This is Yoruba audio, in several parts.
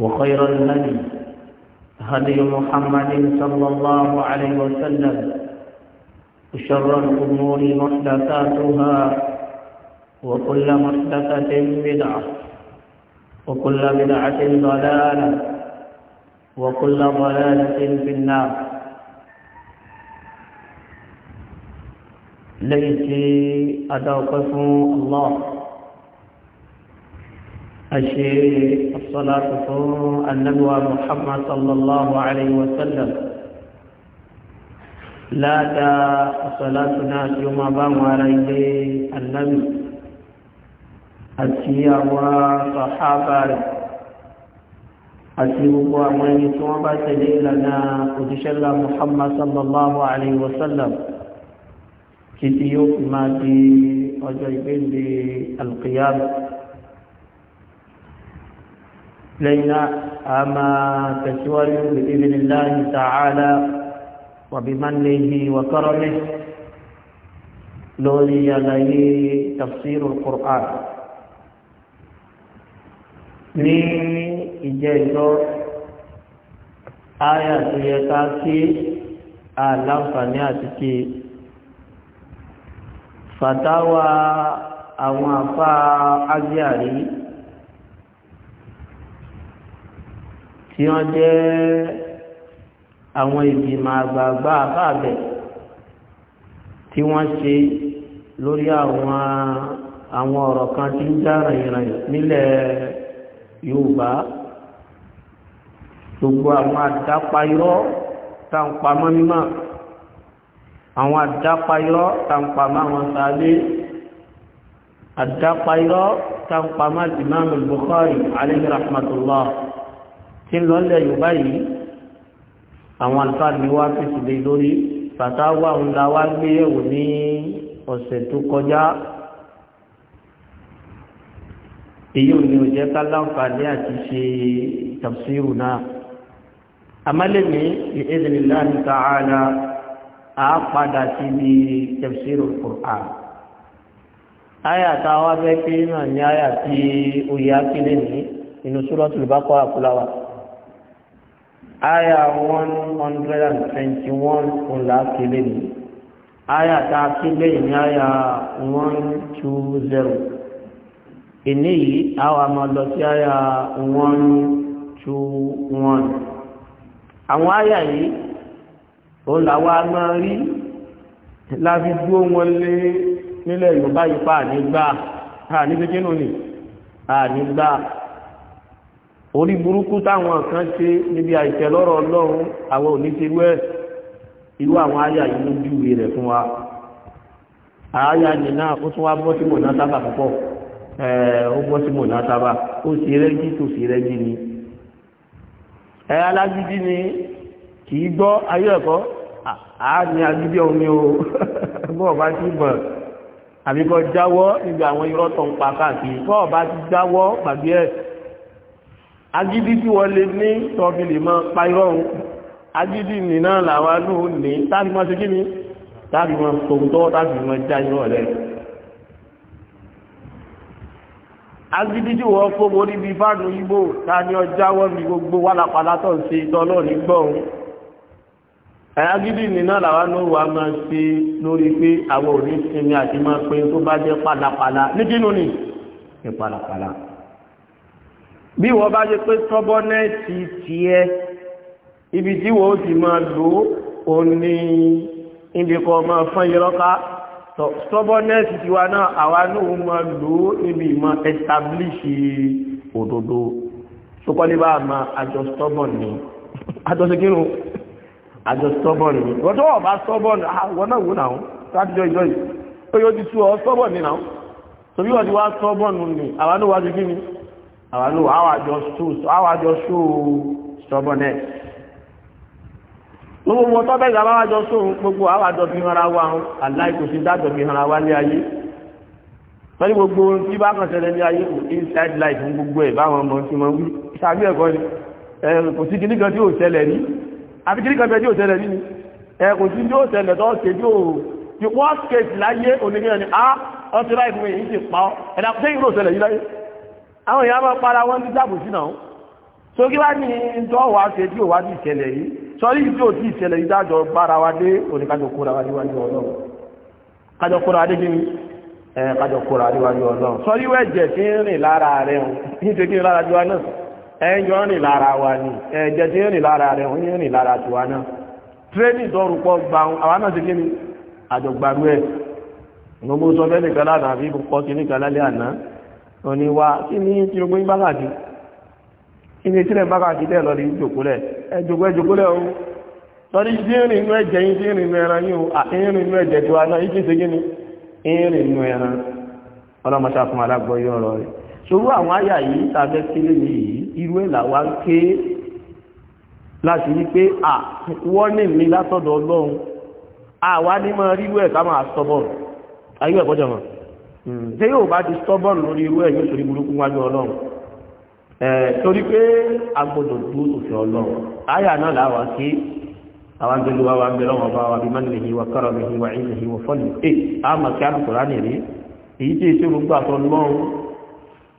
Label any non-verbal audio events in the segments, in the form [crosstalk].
وخير الهدي هدي محمد صلى الله عليه وسلم وشر الأمور محدثاتها وكل محدثة بدعة وكل بدعة ضلالة وكل ضلالة في النار ليتي أدوقف الله أشي الصلاة فهم النبوة محمد صلى الله عليه وسلم لا تا صلاتنا يوم بام عليه النبي أتي وصحابة أتي وأمين ثم لنا قدشل محمد صلى الله عليه وسلم كتيوك ما في أجيبين بالقيامة لينا أما تشوي بإذن الله تعالى وبمنه وكرمه لولي عليه تفسير القرآن ní ìjẹ́jọ́ áyà tó yẹ ká sí àlàǹfààní àti kí fàtáwà àwọn àfáà ágbéàrí tí wọ́n jẹ́ àwọn ìgbìmọ̀ àgbààgbà àbáàbẹ̀ tí wọ́n ṣe lórí àwọn àwọn ọ̀rọ̀ kan tí ń já ràyìnràyìn nílẹ̀ Yorùbá gbogbo àwọn àdápa irọ́ tàǹpa mímọ́ àwọn àdápa irọ́ àwọn sáré àdápa irọ́ tàǹpa mọ́ bukhari alayhi rahmatullah tí ń lọ́lẹ̀ yorùbá yìí àwọn àlùfáà ni wá fèsì lé lórí fàtàwà ń la wá gbé ẹ̀wò ní ọ̀sẹ̀ tó kọjá èyí ò ní ò jẹ́ ká láǹfààní àti ṣe tafsiru náà amálẹ́mí bi'idhnillahi ta'ala a padà sí bí tafsiru Qur'an àyà táwa fẹ́ pé náà ní àyà tí ó ní inú Suratul Baqara kúláwàá aya one hundred and twenty one ọ̀là kele ni aya tá a ké lẹ́yìn aya one two zero ìní yìí àwọn àmọ́ lọ sí aya one two one àwọn aya yìí òun làwọn a máa rí láti dúró wọn lé nílẹ̀ Yorùbá yìí pa ànígbà ànígbà kí nù ni ànígbà orí burúkú táwọn kan ṣe níbi àìtẹ̀lọ́rọ̀ ọlọ́run àwọn oníṣirú ẹ̀ irú àwọn àyà yìí ló júwe rẹ̀ fún wa àyà yìí náà ó tún wá bọ́ sí mọ̀nàtàbà púpọ̀ ó bọ́ sí mọ̀nàtàbà ó sì rẹ́gí tó sì rẹ́gí ni ẹ alágídí ni kì í gbọ́ ayé ẹ̀kọ́ àá ní agídí ọ̀hún ni o [laughs] bọ́ọ̀ bá ti bọ̀ àbíkọ́ jáwọ́ níbi àwọn irọ́ tó ń pa káàkiri bọ́ọ̀ bá ti jáwọ́ gbàgbé ẹ̀ agídí tí wọ́n lè ní tọ́bí lè máa pa irọ́run agídí nì náà làwa ló ní tábí máa ṣe kí ni tábí máa tòótọ́ tábí máa já irọ́ rẹ̀ agídí tí wọ́n fó borí bíi fáànù igbó ta ni ọjà wọ́n fi gbogbo wálapàlá tó ń ṣe tọ́lọ́ ní gbọ́n agídí nì náà làwa ló wà máa ṣe lórí pé àwọn òní sinmi àti máa pe tó bá jẹ́ pàlàpàlà ní kí nù ní bí wọ́n bá ṣe pé tọ́bọ́nẹ́ẹ̀tì tiẹ̀ ibi tí wọ́n ti máa lò ó ní ìdíkọ̀ ọmọ fún ìrọ́ká tọ́bọ́nẹ́ẹ̀tì tiwa náà àwa náà máa lò ó níbi ìmọ̀ ẹ́tàbílìṣì òdodo sọpọ́ ní bá a máa àjọ stọ́bọ̀n ni àjọ ṣe kírun àjọ stọ́bọ̀n ni wọ́n tó wọ́n bá stọ́bọ̀n àwọn ah, náà wò náà láti ni Our àwọn ló àwàjọ ṣóò stubbornness gbogbo wọn tọ́bẹ̀ ìgbà àwàjọ ṣóò gbogbo àwàjọ fi hàn ra wa aláìkò sí dájọ́ fi hàn ra wa ní ayé pẹ̀lú gbogbo tí bá kàn ṣẹlẹ̀ ní ayé inside life ń gbogbo ẹ̀ báwọn ọmọ tí wọ́n wí ṣàbí ẹ̀kọ́ ni kò sí kìnnì kan tí ò ṣẹlẹ̀ ní àbí kìnnì kan tí ò ṣẹlẹ̀ ní kò sí tí ò ṣẹlẹ̀ tó ṣe tí ò ti worst case láyé onígbẹ̀rẹ̀ ni ah ọtí láìpẹ́ yìí ti pa ọ́ ẹ̀dà pé ìrò ṣẹlẹ̀ yìí àwọn èèyàn máa para wọn ní dáàbò sí náà so kí wá ní ìjọ wà ṣe tí ò wá ní ìṣẹ̀lẹ̀ yìí sọrí tí ò tí ìṣẹ̀lẹ̀ yìí dájọ bára wa dé oníkájọ kóra wa níwájú ọlọ́run kájọ kóra wa dé kí ni ẹ kájọ kóra wa níwájú ọlọ́run sọrí wẹ́ jẹ̀ tí ń rìn lára rẹ̀ ní ti kí ni lára tiwa náà ẹjọ́ ń rìn lára wa ni ẹ̀jẹ̀ tí ń òní wa kí ní tí ogbó yín bákàtí kí ní tílẹ̀ bákàtí tẹ́ lọ́dí jòkólẹ̀ ẹ jòkó ẹ jòkólẹ̀ o lọ́dí tí ń rìn inú ẹ̀jẹ̀ yín tí ń rìn inú ẹran yín o àìrìn inú ẹ̀jẹ̀ wa náà yín kí ṣe gíní ìrìn inú ẹran ọlọ́mọṣà fún alágbọ́ yín ọ̀rọ̀ rẹ̀ ṣòro àwọn àyà yìí tàbẹ́ kílé Mm. ṣé yóò bá di stubborn lórí irú ẹ̀ yóò torí burúkú wájú ọlọ́run torí pé a gbọ́dọ̀ dúró sòfin ọlọ́run àyà náà làwọn sí àwọn abẹ́lú wa wà ń bẹ lọ́wọ́ bá wa bí mọ́nìlì yìí wà kọ́rọ̀ mi yìí wà ìlú yìí wà fọ́lì ẹ̀ àmà kí alùpùpù rí èyí tí èsì rúgbà tọ́lọ́run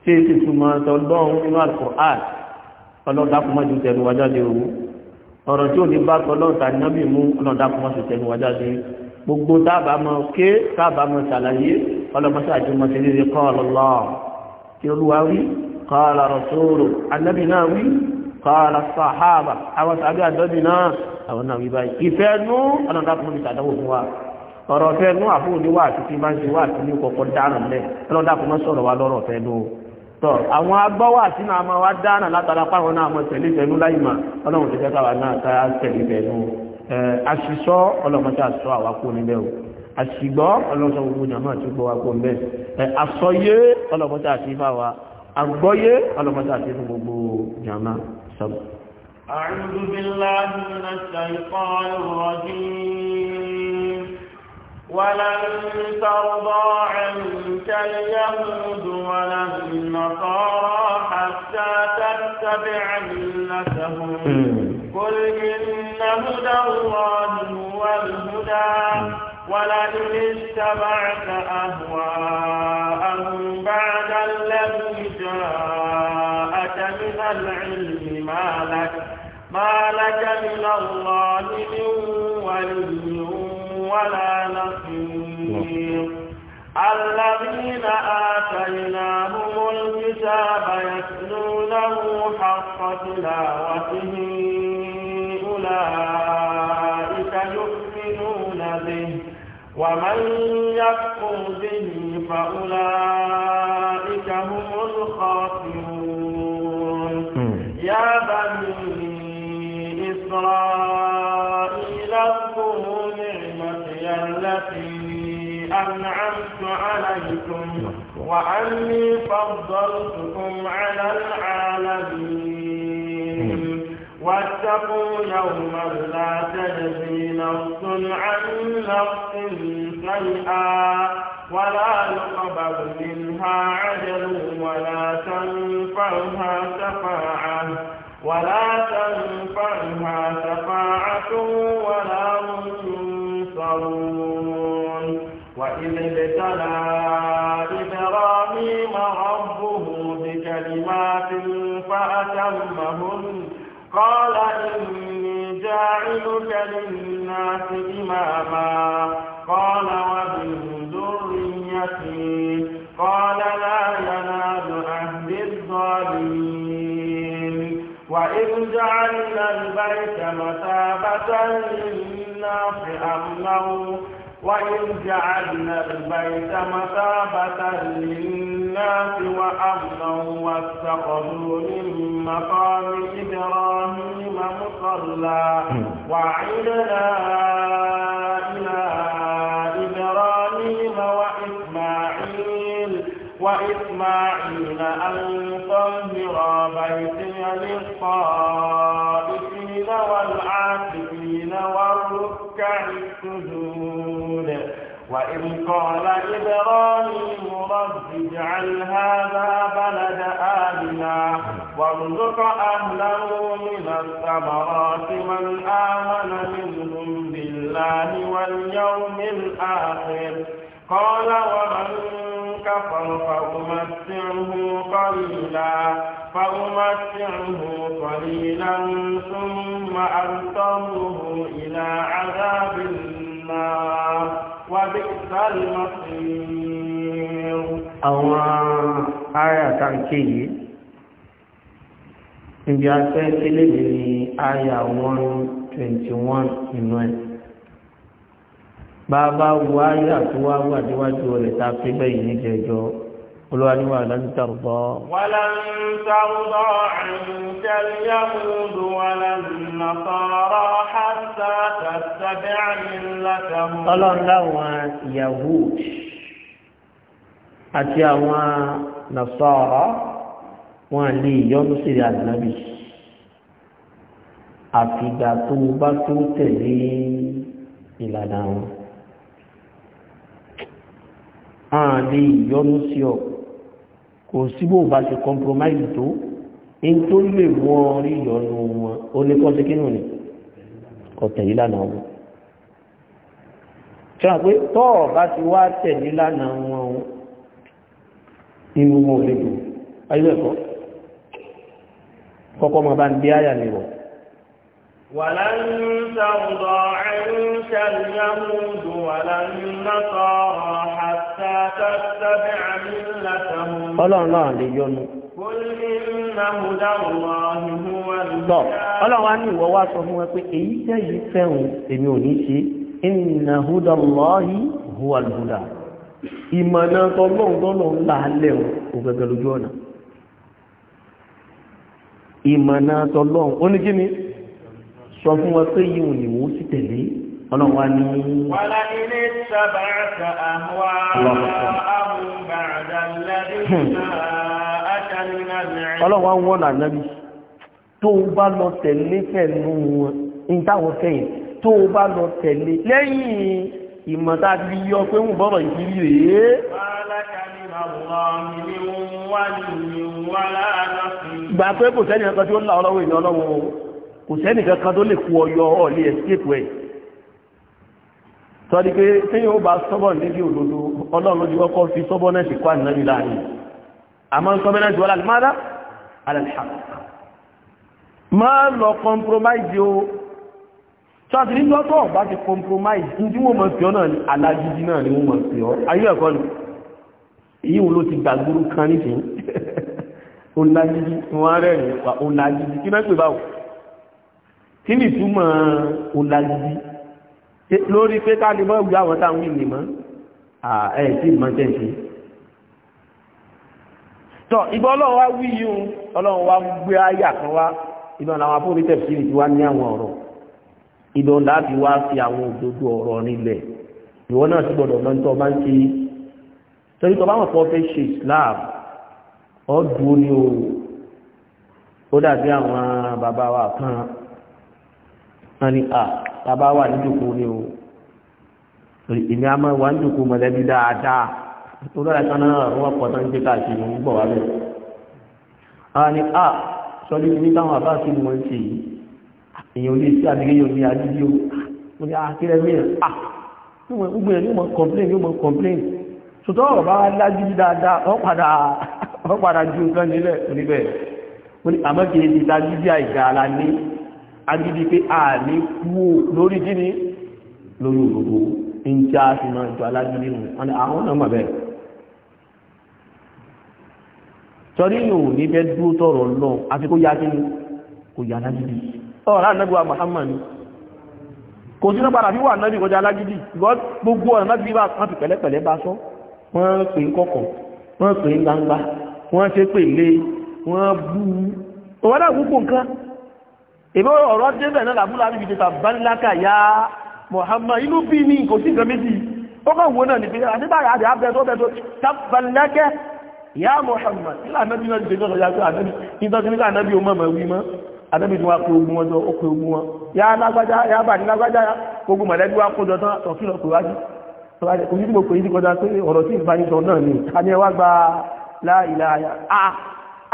tí èsì túmọ̀ tọ́lọ́run nínú àlùpùpù àti ọlọ́dà kò má ju tẹnu wájà lé owó ọ̀rọ̀ tí ò ní bá tọ́lọ́run tàbí nábì mú ọlọ́dà kò má ju tẹnu wájà lé gbogbo tábàámọ̀ ké tábàámọ̀ ṣàlàyé ọlọ́pọ̀sá àjùmọ̀ sí rírí qala Allah tí olúwa wí qala rasulu anábì náà wí qala sàhábà àwọn sàbí àdọ́bì náà àwọn náà wí báyìí ìfẹ́ nú ọlọ́dàkùnrin ìtàdáwò fún wa ọ̀rọ̀ ọ̀fẹ́ nú àfóòdé wà àti tí máa ń ṣe wà àti ní kọ̀ọ̀kan dáràn lẹ̀ ọlọ́dàkùnrin sọ̀rọ̀ wa lọ́rọ̀ ọ̀fẹ́ nú tọ́ àwọn agbọ́wà sínú àmọ́ wa dáná àṣìgbọ́ ọlọ́sọ̀ gbogbo jàmọ́ àti gbogbo agbó mẹ́ àsọyé ọlọ́mọta àti ifá wa àgbọ́yé ọlọ́mọta àti fún gbogbo jàmọ́ sọ́bù. قل إن هدى الله هو الهدى ولئن اتبعت أهواءهم بعد الذي جاءك من العلم ما لك ما لك من الله من ولي ولا نصير الذين آتيناهم الكتاب يتلونه حق تلاوته أولئك ومن يكفر به فأولئك هم الخاسرون يا بني إسرائيل اذكروا نعمتي التي أنعمت عليكم نعم. وأني فضلتكم على العالمين واتقوا يوما لا تجزي نفس عن نفس شيئا ولا يقبل منها عدل ولا تنفعها شفاعة ولا تنفعها شفاعة ولا هم ينصرون وإذ ابتلى إبراهيم ربه بكلمات فأتمهن قال إني جاعلك للناس إماما قال ومن ذريتي قال لا ينال أهل الظالمين وإذ جعلنا البيت مثابة للناس أمنا وإن جعلنا البيت مثابة للناس وأمنا واتخذوا من مقام إبراهيم مصلى وعدنا إلى إبراهيم وإسماعيل وإسماعيل أن طهر بيتي للطائفين والعاكفين والركع السجود وإن قال إبراهيم رب اجعل هذا بلد آمنا وارزق أهله من الثمرات من آمن منهم بالله واليوم الآخر قال ومن كفر فأمتعه قليلا فأمتعه قليلا ثم أرسله إلى عذاب النار àwọn àyà tàǹkì yìí ibi afẹ́ sílẹ̀ ní àyà 121 inú ẹ̀ bàbá wo àyà tó wá wà níwájú ọ̀rẹ́ tá a fi bẹ́yìn olúwa ní wàhálà ń tàrùbọ́. wàhálà ń tàrùbọ́ àǹtẹ̀lẹ́ yàgùdù wàhálà nà sọ̀rọ̀ hàṣà tàbí àmìlàtàmù. ọlọ́run láwọn Yahud àti àwọn Nasara wọn lè yọ́nú sí ànábì àfìgbà tó bá tó tẹ̀lé ìlànà wọn. àà lè yọ́nú sí ọ̀pọ̀ kò sí bó bá ṣe compromise tó in tó lè wọ́n rí ìyọnu wọn ó ní kọ́ sí kínú ni ọ̀tẹ̀ yìí lánàá wọn ṣáà pé tọ́ bá ti wá tẹ̀lé lánàá wọn inú wọn ò lè dùn ayé ẹ̀kọ́ kọ́kọ́ mọ́ bá ń gbé àyà mi wọ̀ ولن ترضى عنك اليهود ولا النصارى حتى تتبع ملتهم ọlọ́run náà lè yọnu. tọ́ ọlọ́run á ní ìwọ wá sọ fún ẹ pé èyí tẹ́ yìí fẹ́hùn èmi ò ní ṣe inna hudallahi huwa alhuda ìmọ̀nà tọ́lọ́run tọ́lọ́run láàlẹ́ ò gẹ́gẹ́ lójú ọ̀nà ìmọ̀nà tọ́lọ́run ó ní kí ni sọ fún wọn pé yíwọ̀n ni wọ́n sì tẹ̀lé ọlọ́run wa ní. wàlá ilé sábàtà àwọn àmúbàdà lẹ́dínà àtàlínà rẹ̀. ọlọ́run wa ń wọ́n nànábì tó o bá lọ tẹ̀lé pẹ̀lú wọn ní fẹ̀yìn tó o bá lọ tẹ̀lé lẹ́yìn ìmọ̀ta ti yọ pé ń bọ̀rọ̀ ìdílé rèé. wàhálà mi ni wọ́n wá nìyí wàhálà náà gbà pé kò sẹ́ni ẹ̀kan tí ó ń la ọlọ́wọ́ ìní ọlọ́wọ́ kò sẹ́nìkan kan tó lè kú ọyọ ọ̀lẹ́ escape way sọ́dí pé téèyàn ó bá sọ́bọ̀ níbi òdodo ọlọ́run ló ti kọ́kọ́ fi sọ́bọ̀ náà sì kó ànábi láàrin àmọ́ nǹkan mẹ́rin jù alàlùmọ́dá alàlùhà máa lọ compromise o sọ́dí nínú ọ̀tọ̀ bá ti compromise ní wọ́n mọ̀ sí ọ náà alágídí náà ni wọ́n mọ̀ sí ọ ayé ẹ̀kọ́ ni yíò ló ti gbàgbóró kan nísìnyí ó [laughs] lágídí wọn rẹ̀ ní ó lágídí kí náà pè báwò kí ni túmọ̀ ọ̀làjì lórí pé ká lè mọ́ ìwé àwọn táwọn ìlè mọ́ ẹ̀ tí ìmọ̀ tẹ̀sí tọ́ ìgbà ọlọ́run wá wí yíò ọlọ́run wá gbé ayà kan wá ìdán làwọn afọ́rí tẹ̀sí ti wá ní àwọn ọ̀rọ̀ ìdán láti wá fi àwọn òdodo ọ̀rọ̀ nílẹ̀ ìwọ náà sì gbọdọ̀ lọ́ntọ́ bá ń ṣe torí tọ́ bá wọn o ó wọ́n ní à bàbá wà níjòkó ní o ìní a máa wà níjòkó mọ̀lẹ́bí dáadáa tó lọ́la kan náà wọ́n pọ̀ tán ń gbé káàkiri ń bọ̀ wá bẹ̀. àwọn ni à sọlí ní táwọn àbá sí wọn ṣe yìí èèyàn lè sí àbíké yóò ní adídí o mo ní akéré mìíràn à gbogbo yẹn yóò mọ complain yóò mọ complain sòtọ́ ọ̀rọ̀ bá lájú dáadáa wọ́n padà wọ́n padà ju nǹkan agidi pé a ní kúò lórí gíní lórí òdòdó ń tí a fi máa jọ alágídí nù àwọn náà mà bẹ́ẹ̀ torí yóò ní bẹ́ dúró tọ̀rọ̀ lọ àti kó ya kíní kò ya alágídí ọ̀rọ̀ ànábì wa Muhammad kò sí náà padà fi wà náà kọjá alágídí gbogbo ọ̀nà láti bí wọ́n fi pẹ̀lẹ́pẹ̀lẹ́ bá sọ wọ́n pè ń kọ̀kọ̀ wọ́n pè ń gbangba wọ́n ṣe pè lé wọ́n bú wọ́n náà gbogbo nǹkan ìbí ọ̀rọ̀ débẹ̀ náà làbúlà níbi tẹ́ta bániláka ya Muhammad inú bí ní kò sí nǹkan méjì ó kàn wọ́n náà ní pé àdébáyà àdé abẹ́tọ́ bẹ́tọ́ tábàlákẹ́ ya Muhammad ilá anábì náà dé lọ́dọ̀ yàtọ̀ anábì nítorí nígbà anábì ọmọ ọmọ wí mọ́ anábì tí wọ́n pe ogun wọn jọ ó pe ogun wọn ya lágbájá ya bà ní lágbájá ogun mọ̀lẹ́bí wa kó jọ tán ọ̀kí lọ pè wá sí omi tí mo pè yí kọjá pé ọ̀rọ̀ tí ìbánisọ̀ náà ni a ní ẹwà gba láìláyà ah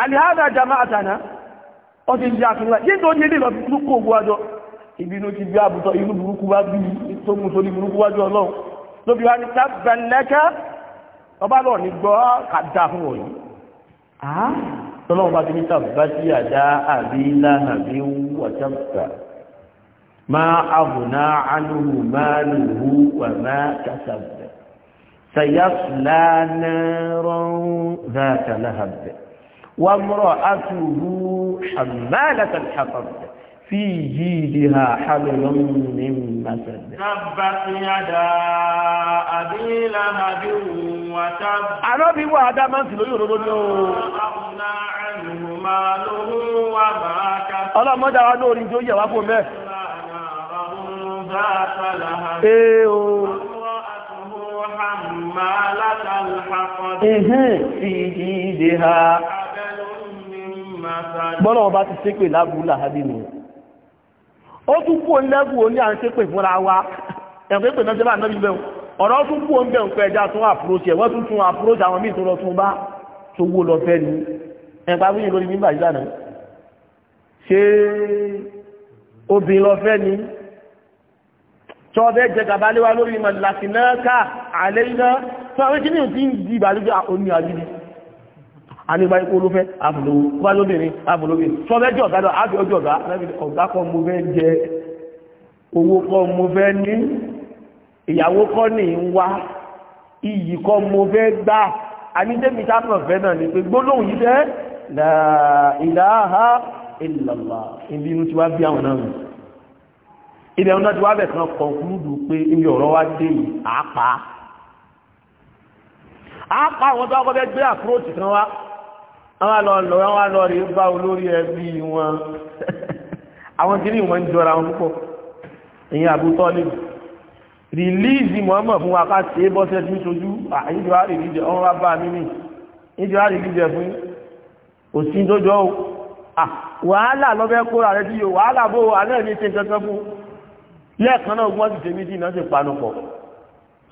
àlìhádà jama'atana ọdí ń jẹ́ àfihàn yìí tó ní ilé lọ bí kó ogun àjọ ìbínú ti bí àbùtọ inú burúkú wá bí tó mú sórí burúkú wájú ọlọ́run lóbi wá ní tábẹ̀lẹ́kẹ́ ọba lọ ní gbọ́ kàdá fún wọ̀nyí tọ́lọ́run bá ti ní tàbá sí àdá àbí láhàbí wàtàbà máa àbùná ánúhù máa lùhù wà máa kàsàbẹ̀ sàyásùlá náà rọrùn záàtà láhàbẹ̀ وامرأته حمالة الحطب في جيدها حمل من مسد تبت يدا أبي لهب وتب أنا أبي وهذا ما سلو يربون أغنى عنه ماله وما كسب الله ما دعا نور جو يا وابو مه ذات لهب إيه حمالة الحطب إيه، في جيدها bọ́lá wọn ti ṣépè lábúrú làhábì nù ó tún kú onílẹ́bù oní à ń ṣépè fúnra wa ẹ̀kọ́ ìpè náà jẹ́ bá náà bíbẹ̀ ọ̀rọ̀ tún kú oúnjẹ nǹkan ẹja tún àpúròṣì ẹ̀wọ́n tún tún àpúròṣì àwọn míì tó lọ tún bá tó wó lọ fẹ́ ni ẹ̀pá wíyìn lórí mímbà yìí lánàá ṣé obìnrin lọ fẹ́ ni tọ́ọ̀bẹ́ anígbà ikú olúfẹ́ àbùlówó bá lóbìnrin àbùlóbìnrin sọ́bẹ́jọ́ ọ̀gá náà ábí ọjọ́ ọ̀gá ọ̀gá kan mo fẹ́ jẹ owó kan mo fẹ́ ní ìyàwó kọ́ ní ń wá iyì kọ́ mo fẹ́ gbà anídẹ́mi sáfẹ́ fẹ́ náà ni pé gbólóhùn yìí fẹ́ la ilaha illallah ibi inú ti wá bí àwọn náà ilẹ̀ ọ̀nà ti wá bẹ̀ kan kọ̀nkúrúdù pé ibi ọ̀rọ̀ wá dé yìí àápàá àápàá àwọn tó wá kọ́ fẹ́ gbé àpúròtì kan wá àwọn lọ́lọ́ wọ́n wá lọ rí bá olórí ẹbí wọn [laughs] àwọn tí ní wọ́n ń jọra wọn púpọ̀ èyàn àbútọ́ lè rìlíìsì mọ́mọ̀ fún wa ká ṣe é bọ́sẹ̀ tí ń sojú àìjọ àrìlíjẹ ọ̀rọ̀ wá bá mímì ìjọ àrìlíjẹ fún òsín tó jọ wàhálà lọ́bẹ̀ kóra rẹ tí yóò wàhálà bó alẹ́ ní ṣe kankan fún lẹ́ẹ̀kan náà gbọ́n ti tèmi dìnnà ti panupọ̀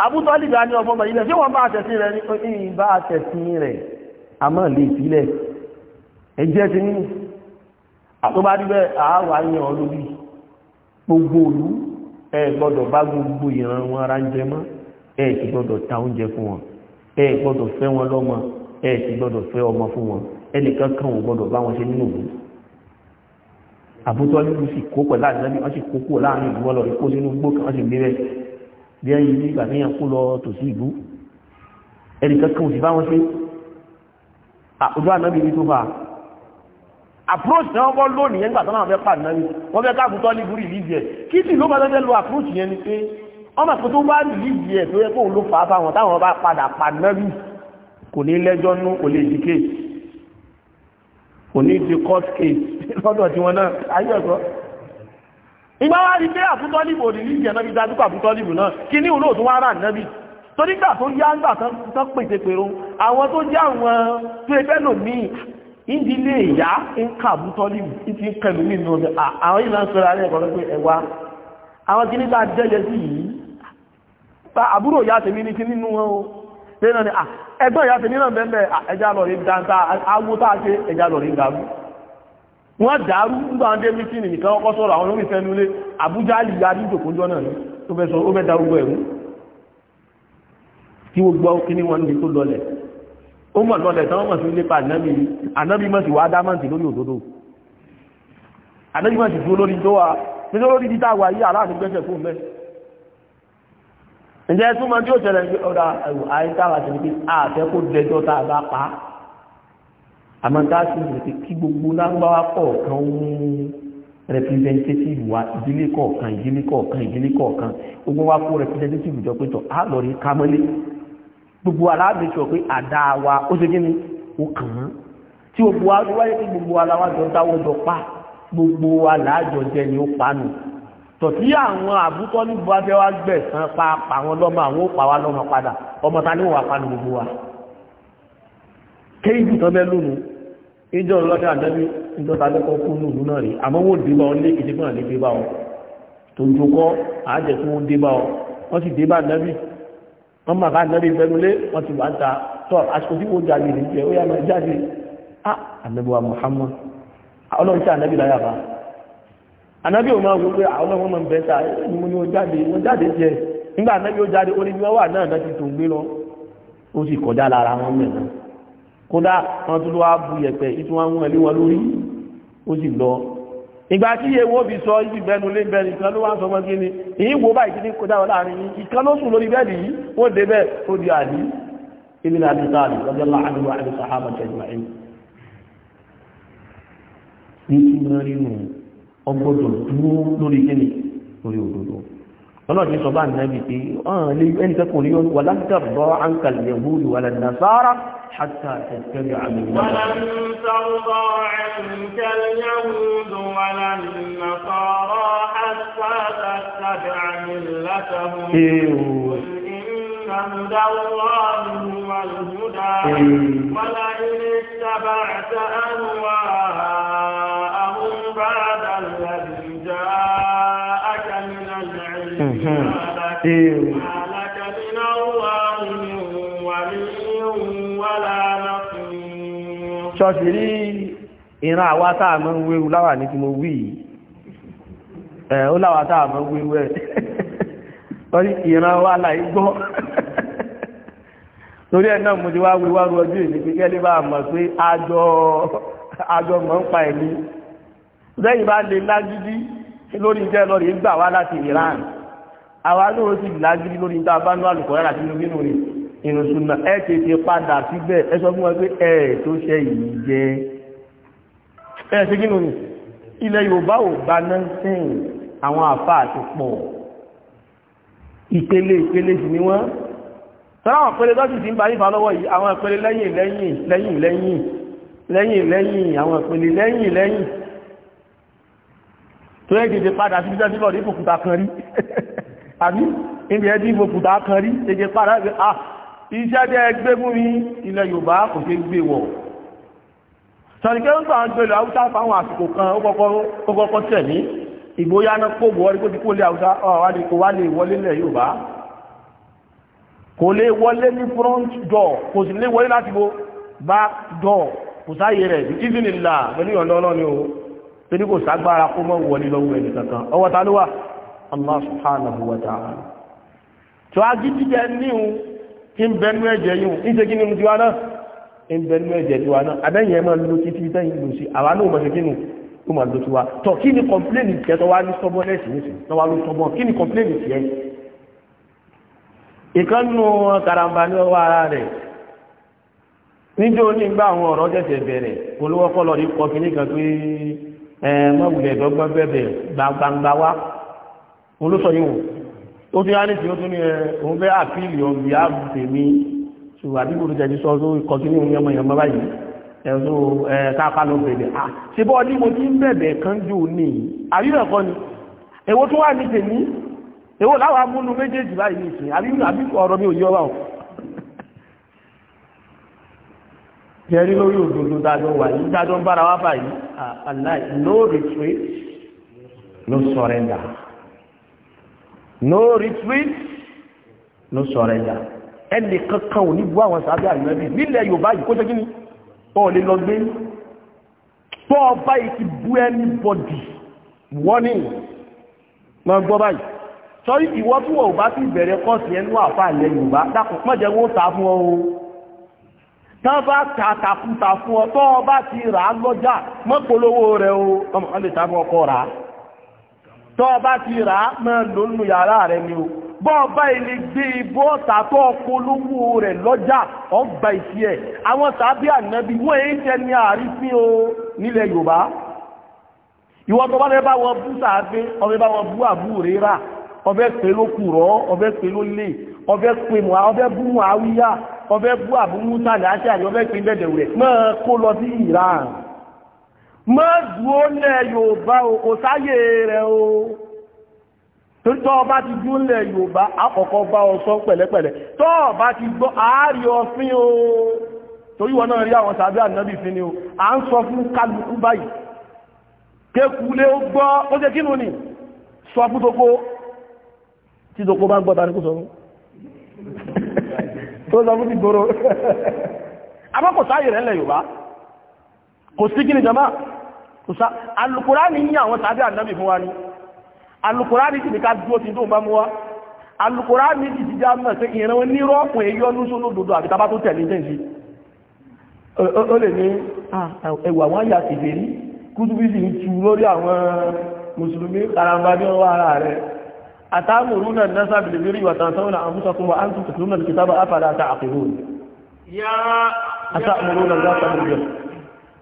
àbútọ́ lè gbà ní ọmọ mọ̀ ilẹ̀ ṣé wọ́n bá àtẹ̀sí rẹ̀ ní ìbá àtẹ̀sí rẹ̀ a máa lè sílẹ̀ ẹjẹ́ ti ní àtọ́bá díbẹ̀ àáwà yẹn ọlórí gbogbo olú ẹ gbọ́dọ̀ bá gbogbo ìran wọn ara ń jẹ mọ́ ẹ ti gbọ́dọ̀ ta oúnjẹ fún wọn ẹ gbọ́dọ̀ fẹ́ wọn lọ́mọ ẹ ti gbọ́dọ̀ fẹ́ ọmọ fún wọn ẹnìkan kan ò gbọ́dọ̀ bá wọn ṣe nínú òbí àbútọ́ nínú sì kó pẹ̀lú ìlú ẹnìkan kan ò sì bá wọn ṣe ojú ànábì ní tó fà approach náà wọ́n lónìí yẹn nígbà tó náà fẹ́ pàdé náà wọ́n fẹ́ káàkùn tó níbúrú ìlíjì ẹ̀ kí sì ló bá fẹ́ lo approach yẹn ni pé ọmọ àpò tó wá ìlíjì ẹ̀ tó yẹ kó ló fà á fáwọn táwọn bá padà pàdé náà kò ní lẹ́jọ́ nú kò lè di case kò ní di court case [laughs] lọ́dọ̀ tiwọn náà ayé ẹ̀kọ́ ìgbà wá rí pé àfútọ́lìbò ní ìlíjì ẹ̀ náà fi dájú pàfútọ́lìbò náà kí ní olóòtú wá rà náà torí gbà tó yá ń gbà tán pèsè pèrò àwọn tó já àwọn tó ẹgbẹ́ lò míì ìdílé ìyá ń kàbú tọ́lì ti kẹlù nínú àwọn ìlànà sọ́ra rẹ̀ kọ́ lọ́pẹ́ ẹ̀wà àwọn kìíní bá jẹ́jẹ́ sí yìí bá àbúrò ìyá tèmi ní kí nínú wọn o lẹ́nà ni ẹgbọ́n ìyá tèmi náà bẹ́ẹ̀ ẹja lọ rí dáńtà awó tá a ṣe ẹja lọ rí dàrú wọ́n dàrú nígbà wọn dé mítìnì nìkan ọkọ́ sọ̀rọ̀ àwọn olórí fẹ́nulé Àbújá lìyá ní ìjòkójọ́ náà tó ó fẹ́ darúgbọ́ ẹ̀rú tí gbogbo ọkí ní wọn ní tó lọlẹ̀ ó mọ̀ lọlẹ̀ tán mọ̀ sí lépa ànábì ànábì mọ̀ sí wá dámọ̀tì lórí òdodo ànábì mọ̀ sí dúró lórí tó wà nítorí lórí títà wà yí aláàánú gbẹ́sẹ̀ fún mẹ́ ǹjẹ́ tó máa tí ó tẹ̀lẹ̀ ní ọ̀dà ẹ̀wù àìsára ti ní pé àfẹ́ kó dẹjọ́ tá a bá pa á àmọ́ tá a sì ní pé kí gbogbo lágbáwá kọ̀ọ̀kan ń representative wa ìdílé kọ̀ọ̀kan ìdílé kọ̀ọ̀kan ìdílé kọ̀ọ̀kan gbogbo wa kó representative jọ pé tọ̀ á lọ rí kámọ́lé gbogbo aláàbí sọ pé àdá wa ó ṣe kí ni ó kàn án tí gbogbo wa wáyé pé gbogbo aláwájọ dáwọ́ jọ pa gbogbo aláàjọ jẹ ni ó pa nù tọ̀tí àwọn àbútọ́ ní buwájẹ́ wá gbẹ̀sán pa àwọn lọ́mọ àwọn ó pa wá lọ́mọ padà ọmọ ta ní wà pa ní gbogbo wa kéyìí tán bẹ́ lónìí ìjọ ọlọ́dẹ àdẹ́bí ìjọta lẹ́kọ́ kú lóòrùn náà rí àmọ́ wọ́n dé bá ọ lé ìdígbọ̀n lé dé bá ọ tòjúkọ́ àájẹ́ tí dé bá wọ́n sì dé bá àdẹ́bí wọ́n bàbá ànábì ìfẹ́nulé wọ́n ti wà ń ta tọ́ àsìkò tí wọ́n ní jẹ́ ó máa jáde á Muhammad ọlọ́run tí ànábì láyà bá ànábì ò máa wípé ọlọ́run máa ń bẹ́ ta ni mo ní wọ́n jáde wọ́n jáde jẹ́ nígbà ànábì ó jáde ó ní wọ́n wà náà náà ti tó ń gbé lọ ó sì kọjá lára wọn mẹ́ta kódà wọn tún lọ́wọ́ bu yẹ̀pẹ̀ ìtún wọn wọn lé wọn lórí ó sì lọ ìgbà tí ewo bí sọ ibi bẹnu lé bẹni kan ló wá sọ mọ́ kíni ìyí wo báyìí kí ní kọjá wọn láàrin yìí ìkan ló sùn lórí bẹ́ẹ̀dì yìí ó dé bẹ́ẹ̀ ó di àdí ibi náà lọ́jọ́ láàrin ọlọ́dún sọ bá nàbì pé ọ̀n lè ẹnìkan kò rí ọ́n wà látà bọ́ àǹkàlì yahudu wà lẹ́nà sára hàtà tẹ̀tẹ̀rẹ̀ àmì wọn. wà látà bọ́ àǹkàlì yahudu wà lẹ́nà sára hàtà tẹ̀tẹ̀rẹ̀ àmì látàhùn. ewu. هدى الله هو الهدى ولئن اتبعت أهواءهم عتيم لك من الله ولي ولا نصير ṣọ́ṣìrí ìran àwa táà mọ́ wéru láwà ní tí mo wí ẹ̀ ó láwà táà mọ́ wéru ẹ̀ torí ìran wa láì gbọ́ torí ẹ̀ náà mo ti wá wíwá pa àwa náà sì lágídí lórí níta bá ní àlùkọ́ yàrá tí lóbi nù ní inú súnà ẹ tètè padà síbẹ̀ ẹ sọ fún wọn pé ẹ tó ṣe yìí jẹ ẹ ṣe kí nù ní ilẹ̀ Yorùbá ò gba nọ́ńsìn àwọn àfáà ti pọ̀ ìpele ìpele sì ni wọ́n tọ́lá àwọn ìpele lọ́sì ti ń bá nípa lọ́wọ́ yìí àwọn ìpele lẹ́yìn lẹ́yìn lẹ́yìn lẹ́yìn lẹ́yìn lẹ́yìn àwọn ìpele lẹ́yìn lẹ́yìn tó yẹ kìí padà sí bíjọ́ sílọ̀ ní kan rí [laughs] àbí níbi ẹdí ìfòkùtà kan rí ẹjẹ pàdà ẹgbẹ́ à ah, iṣẹ́ jẹ́ ẹgbẹ́ fún mi ilẹ̀ Yorùbá kò ṣe gbé wọ̀ sọ̀rìkẹ́ ń gbà ń gbèlò Haúsá fáwọn àsìkò kan ó kọ́kọ́ tẹ̀ ní ìgbóyá náà kó bọ̀ wọlé kó ti kó lé Haúsá ọ̀wádìí kó wá lè wọlé ilẹ̀ Yorùbá kò lè wọlé ní front door kò sì lè wọlé láti bo back door kò sáyé rẹ̀ ìdílé nìlà pẹ̀lú ìyọ̀ndọ́ ọlọ́ni o pé ní kò ságbára kó mọ́ wọlé lọ́wọ́ ẹnì kankan ọwọ́ ta ló wà Allah subhanahu wa ta'ala tó a jí jíjẹ níhun tí ń bẹnu ẹ̀jẹ̀ yìí ń ṣe kí ni mo ti wá náà ń bẹnu ẹ̀jẹ̀ tiwa náà abẹ́yẹn máa lo títí tẹ́yìn lò sí àwa náà mọ̀ ṣe kí ni ó máa lo tiwa tọ̀ kí ni kọ̀mpléènì tiẹ̀ tó wá ní sọ́bọ̀ lẹ́sìn nísìn tó wá ló sọ́bọ̀ kí ni kọ̀mpléènì tiẹ̀ ìkànnù karamba ní ọwọ́ ara rẹ̀ níjó ní gbá àwọn ọ̀rọ̀ tẹ̀sẹ̀ bẹ̀rẹ̀ olówó kọlọ̀ ní kọfí ní kan pé ẹ mọ̀wùlẹ̀ dọ́gbọ́n bẹ̀bẹ̀ gbangbangba wá olóṣọ yìí wò ó ti ránì tí ó tún ní ẹ òun fẹ́ àpíìlì ọ̀bì àbùtèmí ṣùgbọ́n àbí kò tó jẹ́ sọ tó kọ̀tínú yẹmọ yẹmọ báyìí ẹ̀rọ ẹ̀ káàpá ló bẹ̀bẹ̀ à ah, ṣe bọ́ ní mo ti ń bẹ̀bẹ̀ kan jù ní àríwẹ̀ kọ́ ni èwo tó wà ní tèmi èwo láwọn amúnú méjèèjì báyìí ní ìsìn àríwẹ̀ àbí ọ̀rọ̀ mi ò yọ wà ah, no retreat no surrender no retreat no surrender ẹni kankan ò ní bú àwọn sàábẹ́ àyẹ̀bí nílẹ̀ Yorùbá yìí kó jẹ́ gíní tó lè lọ gbé tó ọba yìí ti bú anybody warning ma gbọ́ báyìí sọ́rí ìwọ́ tí wọ́n bá ti bẹ̀rẹ̀ kọ́ọ̀sì ẹnu àfà ilẹ̀ Yorùbá dákùn pọ́jẹ́ wọ́n ta fún ọ tán bá tàtàkùtà fún ọ tó ọba ti rà á lọ́jà mọ́polówó rẹ̀ o ọmọ ọ lè ta fún ọkọ rà á tọ́ bá ti rà á máa lò nínú yàrá rẹ̀ ni o bọ́ ọba ilé gbé ibú ọ̀tà tó polówó rẹ̀ lọ́jà ọgbà ìfi ẹ̀ àwọn tàbí ànábi wọ́n èyí jẹ́ ní àrífín o nílẹ̀ yorùbá ìwọ tó bá lẹ́ bá wọn bú sàáfé ọbẹ̀ bá wọn bú àbú rírà ọbẹ̀ pé ló kùrọ̀ ọbẹ̀ pé ló lè ọbẹ̀ pé mọ́ ọbẹ̀ bú àwíyá ọbẹ̀ bú àbúmútàlẹ̀ àṣẹ àyọ̀bẹ̀ pé bẹ̀dẹ̀ rẹ̀ máa kó lọ sí ìran máa dúó lẹ̀ Yorùbá o kò sáyé rẹ̀ o torí tọ́ ọba ti dúó lẹ̀ Yorùbá àkọ́kọ́ bá ọ sọ pẹ̀lẹ́pẹ̀lẹ́ tọ́ ọba ti gbọ́ ààrí ọfín o torí wọn náà rí àwọn sàbí ànábì fi ni o à ń sọ fún kálukú báyìí kékulé ó gbọ́ ó jẹ́ kínú ni sọ fún toko tí toko bá ń gbọ́ tani kó sọ fún tó sọ fún ti gbòòrò [laughs] àmọ́ sáyé rẹ̀ lẹ̀ Yorùbá kò sí kí ni jama kùsá alukurani yí àwọn tàbí ànábì fún wa ní alukurani ti ní ká dúó ti dóun bá mú wa alukurani ti jíjá mọ̀ sí ìran ní rọ́pùn èyí ọdún só lódodo àti tàbá tó tẹ̀lé jẹ́ ìsí ó lè ní ẹwà wọn yà sí ìdérí kúdúbísì ń tu lórí àwọn mùsùlùmí karamba ní ọwọ́ ara rẹ̀ àtàmùrú náà násà bìlìbìrì wà tàǹtàn náà àmúṣakùn wa á ń tún tùtù náà kìtàbà àfàdà àtà àfihàn. yá àtàmùrú náà násà bìlìbìrì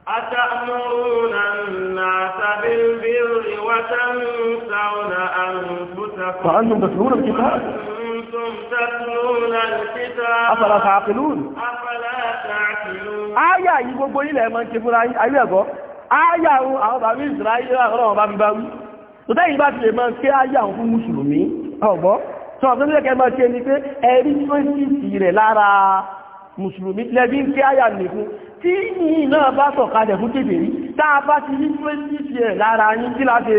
أتأمرون الناس بالبر وتنسون أنفسكم وأنتم تتلون الكتاب وأنتم تتلون الكتاب أفلا تعقلون أفلا تعقلون آية يقول إلى من كفر أيها أبو آية àwọn bàbí ìsìnráyé àwọn bàbí bá wí tó tẹ́yìn bá ti lè máa kí áyà òun fún mùsùlùmí ọ̀gbọ́ tó ọ̀gbọ́n tó lẹ́kẹ́ máa ṣe ní mùsùlùmí lẹ́bí ń kí àyà nì fún tí yìí náà bá sọ̀kalẹ̀ fún kébè rí táa bá ti rí fúrẹ́sì ti ẹ̀ lára yín kí láti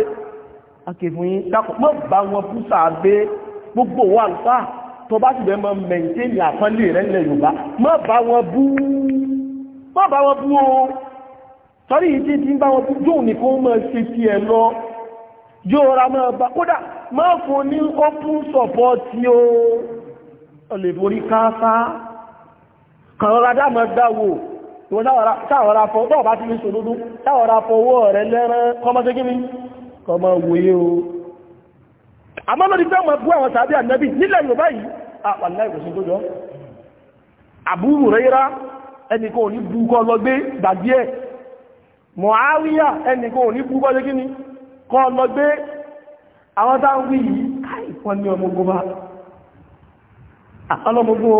akẹfún yín dákọ̀ mọ́ bá wọn fún sàbẹ gbogbo wa nfa tó bá ti bẹ̀ mọ́ mẹ̀ntẹ́nì àpọ́nlé rẹ̀ nílẹ̀ Yorùbá mọ́ bá wọn bú mọ́ bá wọn bú o sọ́rí yìí tí ti ń bá wọn bú jóò ní kó mọ́ ṣe ti ẹ̀ lọ jóò ra mọ́ bá kódà mọ́ fún kàrọra dámọ̀ dáwò táwọ̀ra fọ́ bọ́ bá ti ní ṣòdúdú táwọ̀ra fọwọ́ rẹ̀ lẹ́rán kọmọ́sẹ́ gíní kọmọ wòye o àmọ́ lórí pé wọ́n bú àwọn tàbí ànẹ́bì nílẹ̀ Yorùbá yìí àpàlá ìkòsí tó jọ Abu Hurairah ẹnìkan ò ní bú kọ́ lọ gbé gbàgbé ẹ̀ Muawiya ẹnìkan ò ní bú kọ́ lọ gíní kọ́ lọ gbé àwọn táwọn wí yìí káì wọ́n ní ọmọ ogun bá ọlọ́mọ ogun o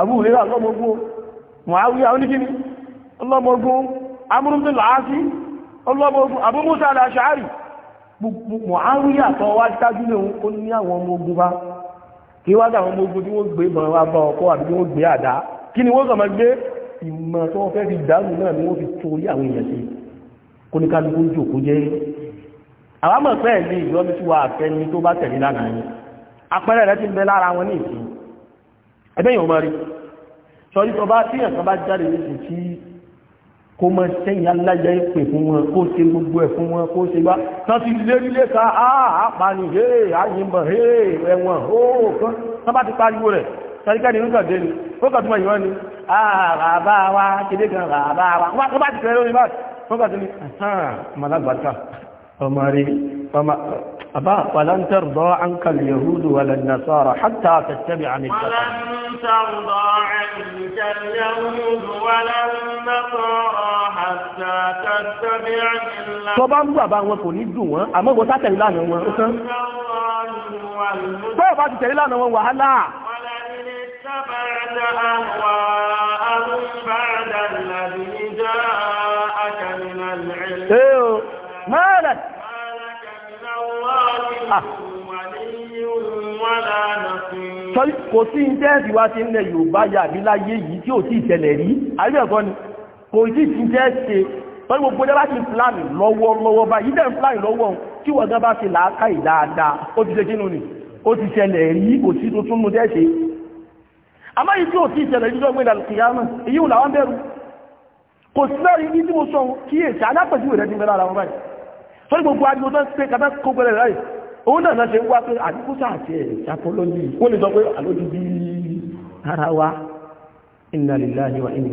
àbúrúrẹ́ ọlọ́mọgbó mọ̀háwíyà oníkíní ọlọ́mọgbó amúrúmdínláàásí ọlọ́mọgbó abúmúsà aláṣàárì mọ̀háwíyà tó wá tájú lè ó ní àwọn ọmọ ogun bá kí wá dáwọn ọmọ ogun tí wọ́n gbé mọ̀ wá bá ọkọ́ àbí wọ́n gbé àdá kí ni wọ́n kàn máa gbé ìmọ̀ tó wọ́n fẹ́ fi dànù náà ni wọ́n fi torí àwọn ẹgbẹ́yìn ọmọ rí sọ́rí tọba tí ẹ̀kan bá jáde lóṣù tí kó mọ sẹ́yìn aláyẹ ìpè fún wọn kó ṣe gbogbo ẹ̀ fún wọn kó ṣe bá tán ti lérí léka àpàní hey àyìnbọn hey ẹ̀wọ̀n óò kan tán bá ti pariwo rẹ̀ sàríkà ní nǹkan délé ó kà tó mọ̀ ìwọ́n ni àbá wa kéde kan àbá wa أبا ولن ترضى عنك اليهود ولا النصارى حتى تتبع ملتك ولن ترضى عنك اليهود ولا النصارى حتى تتبع ملتك طبعا بابا وكوني دوا أما وتاتي لنا وكان طبعا تتبع لنا وهلا ولئن اتبعت أهواءهم بعد الذي جاءك من العلم ما لك sọ́rí kò sí ìtẹ́ẹ̀sì wá sí ilẹ̀ Yorùbá yàbí láyé yìí tí ò tí ìṣẹ̀lẹ̀ rí àríwẹ̀kọ́ ni kò sí ìtẹ́ẹ̀sì pẹ̀lú gbogbo jẹ́ bá ti fìlànì lọ́wọ́lọ́wọ́ báyìí dẹ̀ fìlànì lọ́wọ́ tí wọ́n gán bá ti làákà ìdáadáa ó ti ṣe kínú ni ó ti ṣẹlẹ̀ rí kò sí tuntun mú kí sọ́yìn gbogbo ariwo náà pé kàtà kó gbẹrẹ láì òun náà ṣe ń wá pé àdínkùsà àti ẹ̀ṣà pọ́lọ́jì wọ́n lè sọ pé àlójú bí ara wa inna lillahi wa inna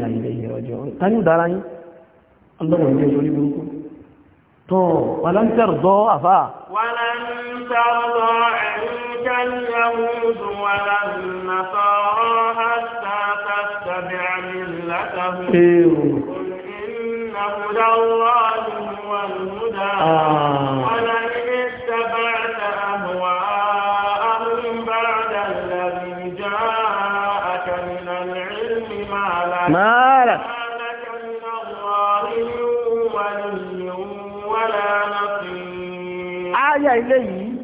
dára yín ọlọ́wọ̀ ilé ìjọ burúkú tó walan tarda àfà walan tarda ẹ̀ríkà yahudu walan nasara hatta tattabi'a millatahum ولئن اتبعت أهواءهم بعد الذي جاءك من العلم ما لك من الله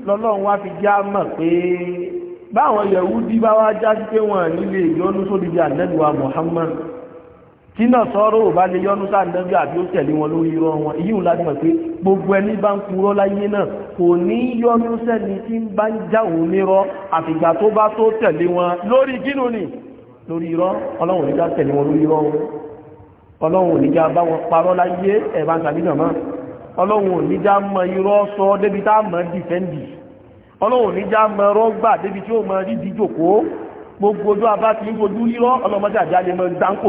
lọ́lọ́run wá fi já mọ̀ pé báwọn Yẹ̀húdí bá wá já pé wọ́n nílé ìyọ́nú sódìdí àdẹ́lùwà Muhammad tí náà sọ̀rọ̀ ò bá lè yọ́nú sáàdánjú àbí ó tẹ̀lé wọn lórí irọ́ wọn èyí ò láti mọ̀ pé gbogbo ẹni bá ń purọ́ láyé náà kò ní yọ́nú sẹ́ni tí ń bá ń já òun nírọ́ àfìgbà tó bá tó tẹ̀lé wọn lórí gínú ni lórí irọ́ ọlọ́run nígbà tẹ̀lé wọn lórí irọ́ wọn ọlọ́run nígbà bá wọn parọ́ láyé ẹ̀bá tàbí nàmá ọlọ́run nígbà mọ irọ́ sọ débi tá mọ dìfẹ́ǹdì ọlọ́run nígbà mọ rọ́gbà débi tí ó mọ rídìí jòkó gbogbo ojú abá ti ń gojú rírọ́ ọlọ́mọdé àjálẹ̀ mọ dáńkò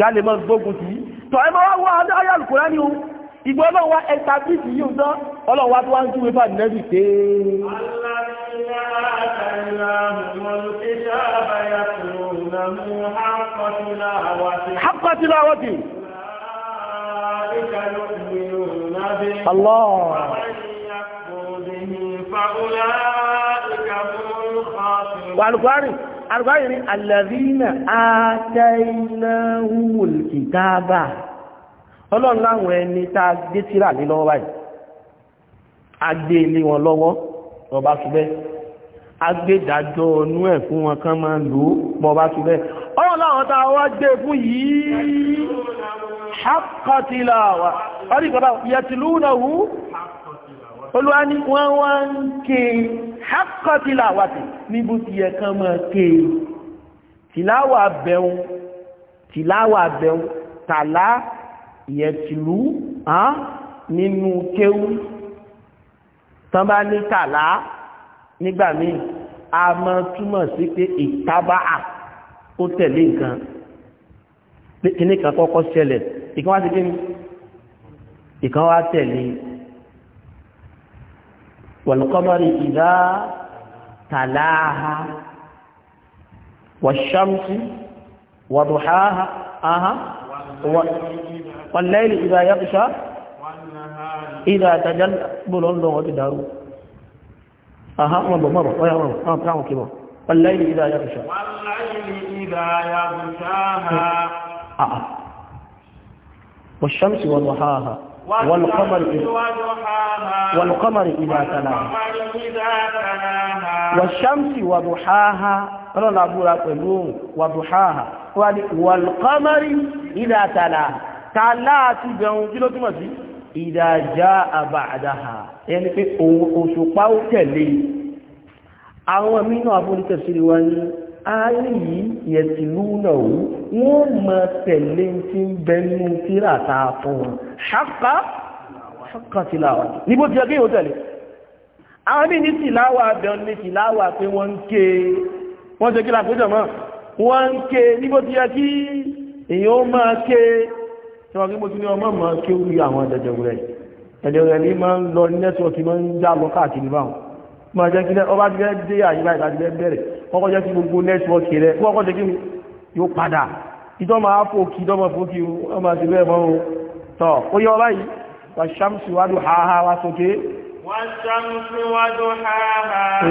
yálè mọ́ gbógun sí tọ́ ẹ máa wá ayé alùkùnrán ní o ìgbọ́ ọlọ́run wá ẹta bíìsì yìí tán ọlọ́run wá tó wá ń júwe fà nẹ́bì pé hápàtílá wọ́tì Allah wà lùkùnrán àrùbáyìí ni alẹ́rìnà àtẹ́lẹ́hùn kìtàbà ọlọ́run láwọn ẹni tá a gbé tíra lé lọ́wọ́ báyìí a gbé ilé wọn lọ́wọ́ ọba ṣubẹ́ a gbé dájọ́ ọnú ẹ̀ fún wọn kán máa lò ó ọba ṣubẹ́ ọlọ́run láwọn olúwa ní wọ́n wá ń ké hákọ́tìlà wàtì níbo ti yẹ kán mọ́ ké tìláwà bẹ̀rún tìláwà bẹ̀rún tàlá ìyẹ̀tìlú nínú kéwú tán bá ní tàlá nígbà míì a máa túmọ̀ sí pé ìtábà ó tẹ̀lé nǹkan kíní kan kọ́kọ́ ṣẹlẹ̀ ìkan wá ti kí ni ìkan wá tẹ̀lé والقمر إذا تلاها والشمس وضحاها آها والليل إذا يغشى إذا تجلى بلون لغة دارو آها مرة مرة آه تعالوا كبار والليل إذا يغشى والليل إذا يغشاها آه, آه. والشمس وضحاها والقمر والقمر إذا تلاها والشمس وضحاها ọlọ́run àbúrà pẹ̀lú ohun wàdùháhà wàdí wàlùkọ́mọ́rí ìdàtàlà tààlà ti bẹ̀rún kí ló túnmọ̀ sí ìdàjá àbàdáhà ẹni pé òṣùpá ó tẹ̀lé àwọn mínú àbúrítẹ̀ sí wáyé ayé yìí yẹtìlú náà wọ́n mọ tẹ̀lé tí ń bẹnu tíra ta fún wọn ṣáká ṣáká tìláwà níbo ti ọgbẹ́ yóò tẹ̀lé àwọn ní ní tìláwà bẹ̀rún ní tìláwà pé wọ́n ń ké wọ́n ṣe kí la péjọ mọ́ wọ́n ń ké níbo ti yẹ kí èyàn ó máa ké tí wọ́n kí mo ti ní ọmọ mọ́ ké orí àwọn jẹjẹ rẹ̀ ẹ̀dẹ̀ ní máa ń lọ ní nẹ́tíwọ̀kì máa ń já lọ káàkiri báwọn máa jẹ́ kí ọba ti fẹ́ dé àyíká ìdájẹ́ bẹ̀rẹ̀ kọ́kọ́ jẹ́ sí gbogbo nẹ́tíwọ́kì rẹ̀ kọ́kọ́ jẹ́ kí yóò padà ìdọ́mà ápòkì ìdọ́mà fòkì ọmọ sí bẹ́ẹ̀ mọ́ tọ́ ó yọ báyìí wà ṣámsì wà dùn wá sókè wọ́n ṣámsì wà dùn háhá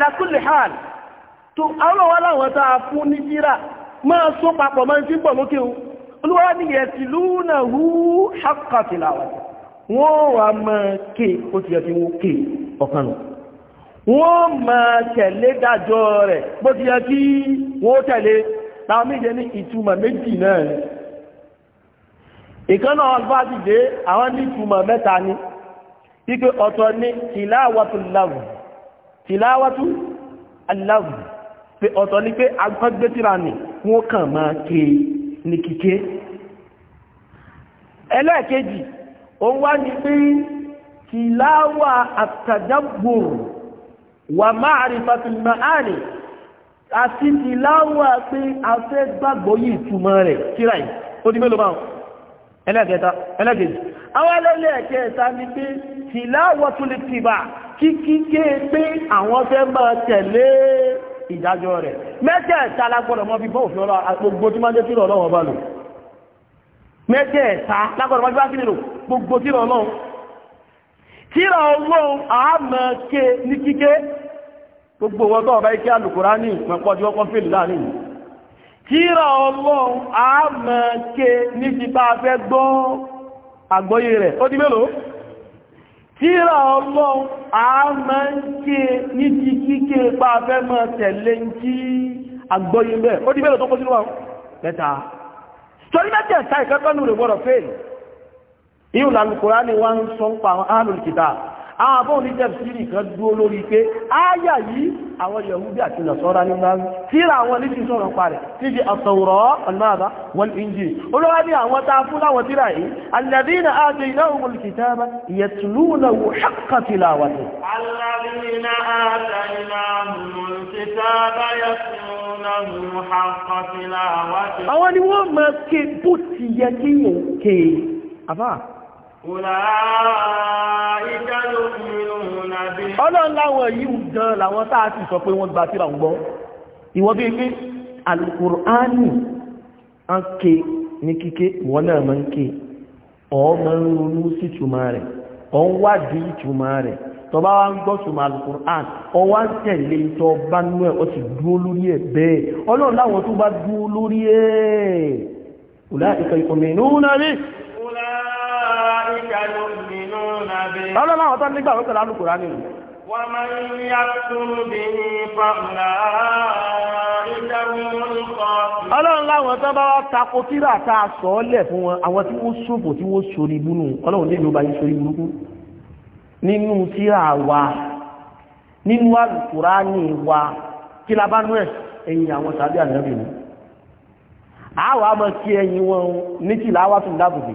wọ́n kulli hal tó àwọn wà láwọn tá a fún ní jíra máa só papọ̀ máa ń tí pọ̀ lókè o olúwa ni yatlunahu haqqa tilawati ti yẹ ti wọ́n ké ọ̀kan wọ́n máa tẹ̀lé dájọ́ rẹ̀ bó ti yẹ kí wọ́n tẹ̀lé láwọn méje ní ìtumọ̀ méjì náà ni ìkan náà bá ti dé àwọn ní ìtumọ̀ mẹ́ta ni wípé ọ̀tọ̀ ni tìláwàtú láwù tìláwàtú aláwù pé ọ̀tọ̀ ni pé agbẹ́gbẹ́tìrà ni wọ́n kàn máa ké ní kíké ẹlẹ́ẹ̀kejì òun wá ní pé tìláwà àtàdágbòrò wà ma'rifatul ma'ani àti ìláwà pé afẹ́ gbàgbọ́ yìí túmọ̀ rẹ̀ kíra yìí ó di mélòó báwọn ẹlẹ́gẹ̀ẹ́ta ẹlẹ́gẹ̀ẹ́jì àwọn ẹlẹ́gẹ̀ẹ́ta ni pé tilawatul ittiba kí kíké pé àwọn fẹ́ máa tẹ̀lé ìdájọ́ rẹ̀ mẹ́tẹ̀ẹ̀ta lágbọ́dọ̀ mọ́ bí bọ́ òfin ọlọ́ gbogbo tí máa jẹ́ kí lọ́wọ́ bá lò mẹ́tẹ̀ẹ̀ta lágbọ́dọ̀ mọ́ bí bá kí lò tíra ọlọ́run àmọ́ ké ní kíké gbogbo wọn tọ́ọ̀bá ikẹ́ alùkùránì pẹ̀pọ̀jú ọkọ̀ fèlì láàrin tíra ọlọ́run àmọ́ ké ní kípa fẹ́ gbọ́ àgbọ́yé rẹ̀ ó di mélòó tíra ọlọ́run àmọ́ ké ní ti kíké pa fẹ́ mọ́ tẹ̀lé ń kí àgbọ́yé rẹ̀ ó di mélòó tó kó sínú wa mẹ́ta torí mẹ́tẹ̀ẹ̀ta ìkẹ́kọ̀ọ́ nù rẹ̀ gbọ́dọ̀ fèlì ìhùn lálùkùrá ní wọ́n ń sọ ń pa àwọn alùkìtà àwọn abọ́ ní tẹ̀síìrì kan dúó lórí pé ááyà yìí àwọn yahudi àti nàṣọ́ra ní máa ń tíra àwọn ní ti sọ̀rọ̀ parẹ̀ tí di àtọ̀wọ̀rọ̀ ọ̀nàmàbà wọn ìjì olówá ní àwọn tá fún láwọn tíra ọlọ́run láwọn yìí gan làwọn táà ti sọ pé wọ́n gba síra ń gbọ́ ìwọ́n bí pé alukùránì ń ké ní kíké wọ́n náà máa ń ké ọmọ ń ronú sí ìtumọ̀ rẹ̀ ọ ń wádìí ìtumọ̀ rẹ̀ tó bá wá ń gbọ́ ìtumọ̀ alukùránì ọ wá ń tẹ̀lé tó bá nú ẹ̀ ọ ti dúró lórí ọlọ́run àwọn tó nígbà wọ́n tẹ̀lé alùpùpù rání rẹ̀. wọ́n máa ń yá túnú bí i fàmùlà ọlọ́run láwọn tó bá wá tako tíra tá a sọ ọ́ lẹ̀ fún wọn àwọn tí wọ́n ṣòfò tí wọ́n ṣorí búnú ọlọ́run wa nínú alùpùránì wa kí la bá nú ẹ̀ ẹ̀yìn ní tìlá wá tún dábòbí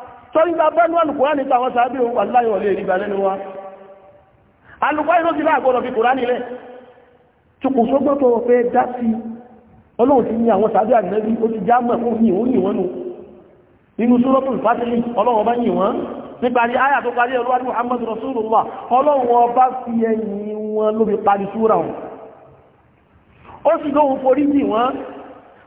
sọ́rí bá bẹ́ẹ̀ níwọ̀n kùránì tàwọn sàábí òun wà láyọ̀ lè rí balẹ́ níwá alùpá ìlú ti láàgbọ́dọ̀ fi kùránì lẹ̀ tukù sógbọ́n tó fẹ́ dá sí ọlọ́run ti ní àwọn sàábí àgbẹ̀bí ó ti já mọ̀ fún yìí ó yìn wọ́n nù nínú suratul Fatihi ọlọ́run bá yìn wọ́n níparí áyà tó parí ọlọ́run Muhammadu Rasulullah ọlọ́run ọba fi ẹ̀yìn wọn ló fi parí súra wọn ó sì lóhun forí jì wọ́n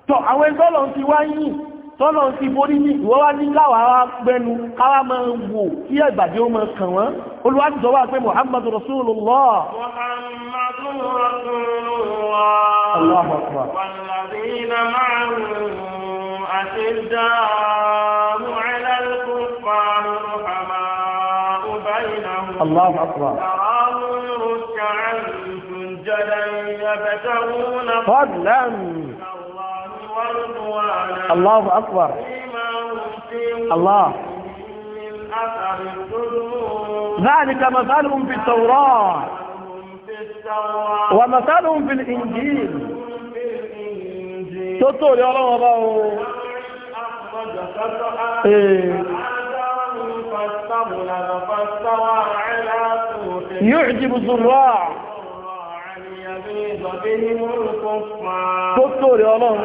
tọ àwọn ẹgbẹ́ ọlọ́run ti wá yìn tọ́lọ̀ ti borí ní ìwọ́ wá ní káwàá gbẹnu káwà máa ń wò kí ẹgbàdé ó máa kàn wọ́n olùwájúdọ́ wà pé Muhammadu Rasulullah Muhammadu Rasulullah الله أكبر الله ذلك مثلهم في التوراة ومثلهم في الإنجيل تطول يا رب الله إيه. يعجب الزراع تطول يا رب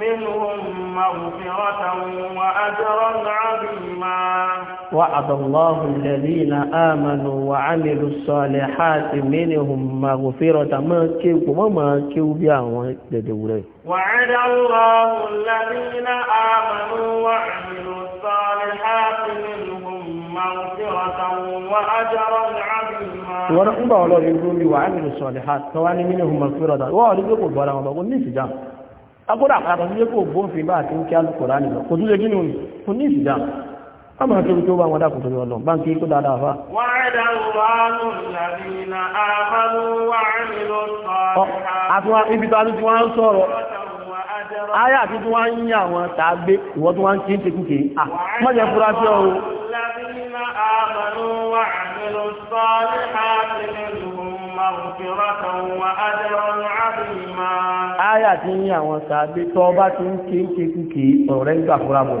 منهم مغفرة وأجرا عظيما وعد الله الذين آمنوا وعملوا الصالحات منهم مغفرة ما كيو وما كيو وعد الله الذين آمنوا وعملوا الصالحات منهم مغفرة وأجرا عظيما ورحمة الله يقول وعملوا الصالحات فوالي منهم مغفرة وعلى ذلك قبلا وبقول نيسي جامع agbọ́dọ̀ àpàtà tó jẹ́ kó gbóhùn fi bá àti ń kí alùpùpù nìlọ kò tún lè gínú ni kò ní ìsìdá a máa kéré tó bá wọn dákùn torí ọlọ bá ń kéré tó dáadáa fa. wàhálà wà ayé àti tí wọ́n ń yà wọn tàgbé ìwọ́n tí wọ́n ti ń tekúkè à mọ́jẹ fúra sí ọ̀rọ̀ ayé àti yà wọn tàgbé tọ́ bá ti ń ké ń ọ̀rẹ́ ń gbà fúra bọ̀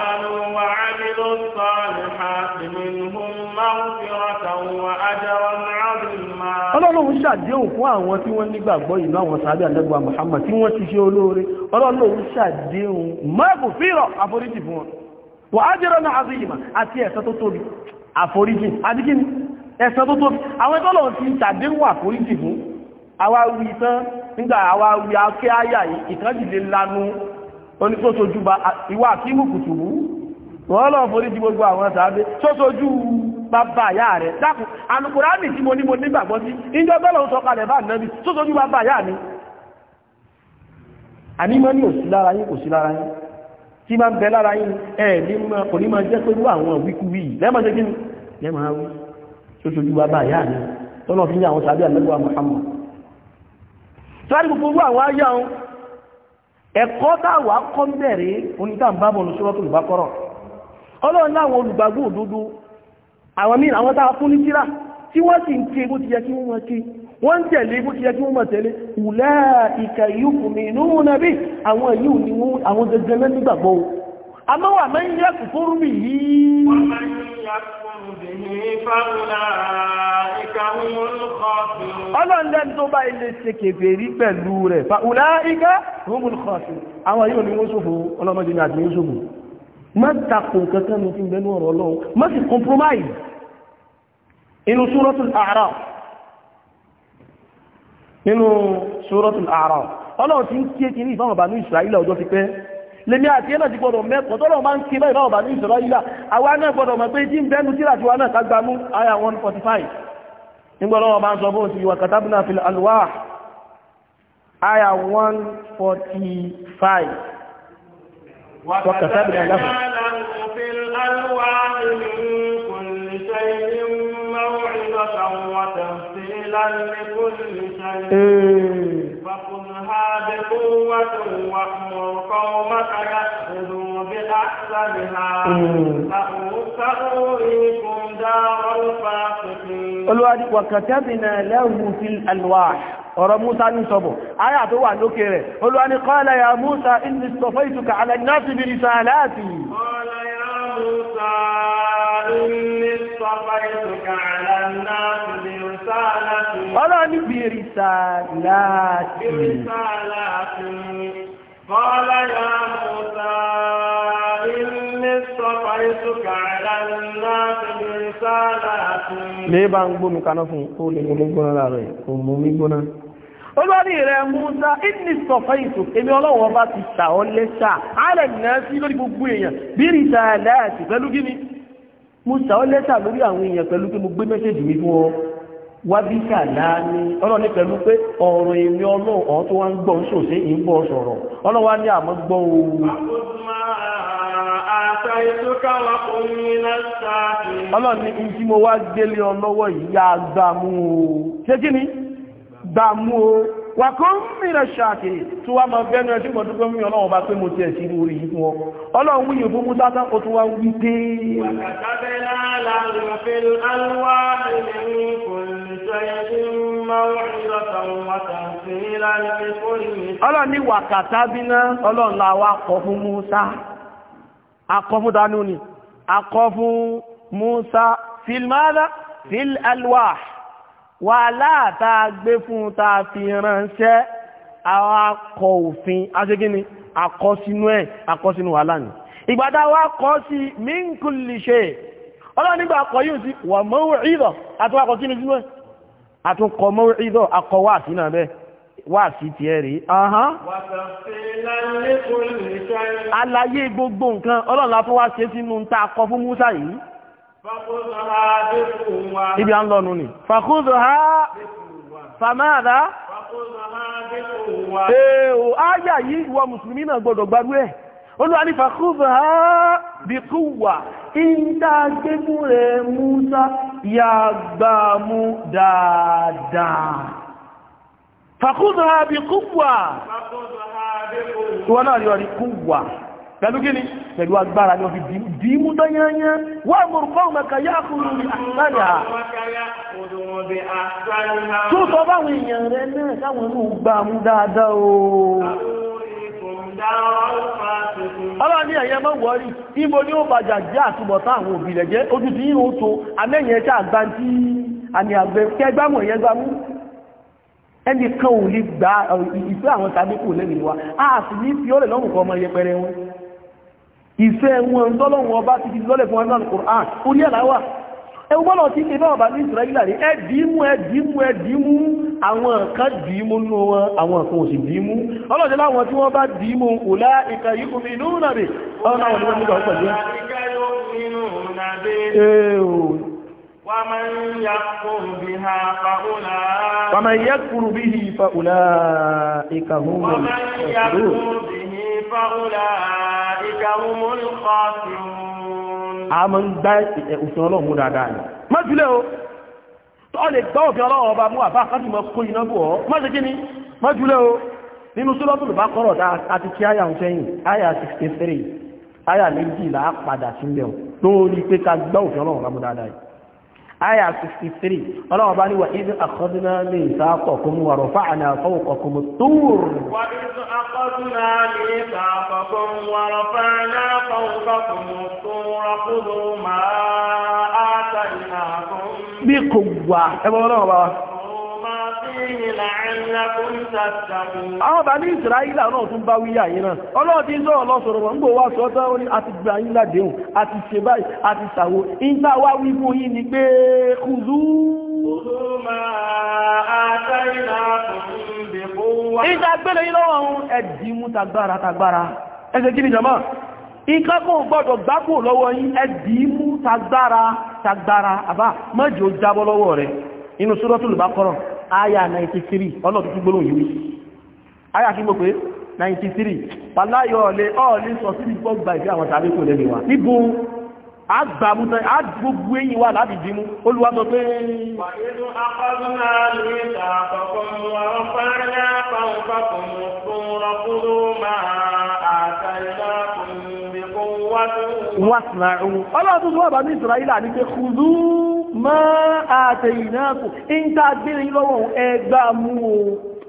ṣàdéhùn fún àwọn tí wọ́n nígbàgbọ́ ìlú àwọn sàábẹ̀ àdẹ́gbà Muhammad tí wọ́n ti ṣe olóore ọlọ́lọ́wọ́ ṣàdéhùn mọ́ẹ̀kù fírọ̀ àforíjì fún wọn wà á jẹ́rọ náà àzíyìmá àti ẹ̀san tó tóbi àforíjì àdíkíní ẹ̀san tó tóbi àwọn ẹgbọ́lọ̀ ti ń ṣàdéhùn àforíjì fún àwáwí tán nígbà àwáwí akẹ́ àyà ìkánjìlélánú oníṣóṣojú ba ìwà àkíwù kùtùbù wọ́n lọ́ bàbá àyá rẹ̀ dákùn alùkùránì tí mo ní mo nígbàgbọ́ sí ìjọ bẹ́lọ̀ ń sọ kalẹ̀ bá nẹ́bí tó sojú bàbá àyá mi ànímọ́ ní òsì lára yín kò sí lára yín tí máa ń bẹ lára yín ẹ̀ ní kò ní máa jẹ́ pé rú àwọn wíkúwí lẹ́mọ̀ ni lẹ́mọ̀ á wí tó sojú bàbá àyá mi tọ́nà fi ní àwọn sàbí àlẹ́gbà Muhammad sáré gbogbo àwọn ayá wọn ẹ̀kọ́ táwà kọ́ ń bẹ̀rẹ̀ onítàǹbábọ̀ lọ́sọ́rọ́ tó lùbákọ́rọ̀ ọlọ́run láwọn olùgbàgbọ́ òdodo àwọn míì àwọn tá a fún ní kíra tí wọ́n sì ń ké bó ti yẹ kí wọ́n máa ké wọ́n ń tẹ̀lé bó ti yẹ kí wọ́n máa tẹ̀lé ìwùlẹ́ ìkà ìyókùnmí inú nàbí àwọn yìí ni wọ́n àwọn gẹ́gẹ́ náà nígbàgbọ́ o àmọ́ wà máa ń yẹ kúkúrú mi yìí. wọ́n máa ń yà kúrú bìí fáwọn ìkà wọn kọ́ sí. ọlọ́run lẹ́nu tó bá ilé ṣe kèfèrí pẹ̀lú rẹ̀ fáwọn ìkà wọn kọ́ sí. àwọn yìí ni wọ́n ṣòfò ọlọ́mọdé ni àti wọ́n ṣòfò má takò nǹkan kan ló fi bẹnu ọ̀rọ̀ ọlọ́run má sì compromise inú suratul A'raf nínú suratul A'raf ọlọ́run ti ń kí èkì ní ìfáwọn bàánú Isra'ila ọjọ́ ti pẹ́ lèmi àti ẹ̀nà ti gbọdọ̀ mẹ́kọ̀ọ́ tọ́lọ̀ máa ń kí bá ìfáwọn bàánú Isra'ila àwa náà gbọdọ̀ mọ̀ pé tí ń bẹ́nu tíra tiwa náà kagbà mú aya 145 nígbọ́dọ̀ wọn bá ń sọ bóun sí wa katabna fil alwah aya 145 وكتبنا له في الألوان من كل شيء موعظة وتفصيلا لكل شيء فخذها بقوة وأمر قومك يأخذوا بأحسنها سأريكم دار الفاسقين. الوالد وكتبنا له في الألواح ọ̀rọ̀ Musa ní sọ́bọ̀ ayà tó wà lókè rẹ̀ Olúwa ní qala ya Musa inni istafaytuka ala an-nasi bi risalati qala ya Musa inni istafaytuka ala an-nasi bi risalati Ọlọ́run ní bi risalati qala lè bá ń gbómi kaná fún ó lè láàrẹ̀ kò gbóná ó rẹ̀ sọ̀fẹ́ ìtò ọlọ́wọ́ bá ti sà ọ́ lẹ́sà alẹ́ nìyà sí lórí gbogbo èèyàn bí sa pẹ̀lú sà lẹ́sà lórí àwọn èèyàn pẹ̀lú mo gbé mẹ́sẹ̀jì mi fún ọ wá bí ọlọ́ni pẹ̀lú pé ọ̀rọ̀ èmi ọlọ́ọ̀ tó wá ń gbọ́ ń sòṣe sọ̀rọ̀ ọlọ́wà ní àmọ́ ọlọ́ni ìjí mo wá gbélé ọ lọ́wọ́ ìyá gbàmú o ṣe kí ni gbàmú o wà kó ń mìíràn ṣàkè tó wá máa bẹ́nu ẹjú mọ̀ dúgbọ́ mìíràn ọlọ́run bá pé mo ti ẹ̀sí orí yìí fún ọ ọlọ́run wíyìn fún mú sátán ó tún wá wí dé ọlọ́run ní wàkàtà bíná ọlọ́run la wá kọ fún Músà akọ fún dánú ni akọ fún Musa filmada fil alwah wà láàtà gbé fún ta fi ránṣẹ́ àwọn akọ òfin aṣegíní akọ sínú ẹ̀ akọ sínú wà láàrin ìgbàdá wá kọ́ sí min kulli shay nígbà akọ yóò sí wà maw'idha àtúwà akọ sínú sínú ẹ̀ àtúnkọ maw'idha akọ wà sínú abẹ́ wà sí ti ẹ̀ rí ahán alayé gbogbo nǹkan ọlọ́run la fún wa ṣe sínú ta kọ fún Musa yìí ibi à ń lọ́nu ni fàkúzọ̀ ha fàmáàdá èèwò áyà yìí ìwọ mùsùlùmí náà gbọdọ̀ gbárú ẹ̀ olúwa ní fàkúzọ̀ ha bí kúwà ìdá gbẹ́gbù rẹ̀ Musa yàgbàmú dáadáa fàkúzọ̀ ha bí kúwà wọ́n náà yọ rí kúwà pẹ̀lú gíní pẹ̀lú agbára ni wọ́n fi dìímú tányányá wọ́n mọ̀rùkọ́ ọmọkà yá kúrò ní àtàríà tó sọ báwọn èèyàn rẹ̀ náà káwọn inú gbà mú dáadáa ẹ̀yẹ mọ́ wọ́rí ìbò ní ó bàjà jẹ́ àtúbọ̀tán àwọn òbí jẹ́ ojú ti yíò tó amẹ́yẹn ṣáà gbáǹtí àmì àgbẹ̀ kẹgbàmù ẹ̀yẹ gbámú ẹni kan ò lè gba ìfẹ́ àwọn tàbí kò lẹ́yìn wa a sì ní fi ọ́lẹ̀ lọ́rùn kan ọmọ yẹpẹrẹ wọn ìfẹ́ wọn tọ́lọ́run ọba ti fi lọ́lẹ̀ fún ọdún Al-Qur'an ó ní ẹ̀láwà ẹwọ́n bọ́lọ̀ tí ìfẹ́ ọba ní Israẹli rí ẹ̀dìímú ẹ̀dìímú ẹ̀dìímú àwọn kan dìímú nú wọn àwọn kan ò sì dìímú ọlọ́dẹ láwọn tí wọ́n bá dìímú òlá ìkà yìí kùnmí inú nàbì ọ̀nà àwọn ìwọ̀n nígbà ọ̀pẹ̀lú ومن يكفر بها فأولئك ومن يكفر به فأولئك هم الخاسرون فأولئك هم الخاسرون àmọ́ ń gbá òfin ọlọ́run mú dáadáa ni má jùlẹ̀ o tó lè gbá òfin ọlọ́run ọba mú àbá kájú mọ́ kó iná bù ọ́ má ṣe kí ni má jùlẹ̀ o nínú sólọ́bùlù bá kọ́rọ̀ dá àti kí àyà ń sẹ́yìn àyà 63 àyà méjìlá padà sílẹ̀ lórí pé ká gbá òfin ọlọ́run ọba mú dáadáa yìí aya 63 ọlọ́wọ́ bá ní wà ìdí àkọ́dúnà ní ìsáàkọ̀kún wà rọ̀fà àná fọ́wọ́kọ̀kún tóòrù wà ìdí àkọ́dúnà ní ìsáàkọ̀kún wà rọ̀fà àná fọ́wọ́kọ̀kún tóòrù kúrò máa á Àwọn bá ní Ìsìráìlà náà tún bá wíyà yìí náà. Ọlọ́run ti ń sọ̀rọ̀ lọ́sọ̀rọ̀ wọn, gbò wá sọ tán ó ní àti gbà yín ládéhùn, àti ṣe báyìí, àti ṣàwó. Ìgbà wá wí fún yín ni pé kùzú. Ìgbà gbélé yín lọ́wọ́ ọ̀hún ẹ̀dìmú tagbára tagbára. Ẹsẹ̀ kí ni jọmọ́? Ìkà kò gbọ́dọ̀ gbákò lọ́wọ́ yín ẹ̀dìmú tagbára tagbára. Àbá, mọ́jọ jábọ́ lọ́wọ́ rẹ̀ inú Suratul Baqarah aya 93 ọlọ́tún tún gbólóhùn yìí aya kí gbogbo 93 pàláyọ̀ ọ̀lẹ́ ọ̀lẹ́ sọ sí ìfọ́ gba ìfẹ́ àwọn tàbí kò lẹ́nu wa níbo agbàmúta agbogbo eyín wa láti dìímú Olúwa sọ pé wà nínú wàsìnàrù ọlọ́run tó tó wà bá ní ìsìnráyílà ní pé kùzú mọ́ àtẹ̀yìnàkù ń tá gbére lọ́wọ́ ẹgbà mú o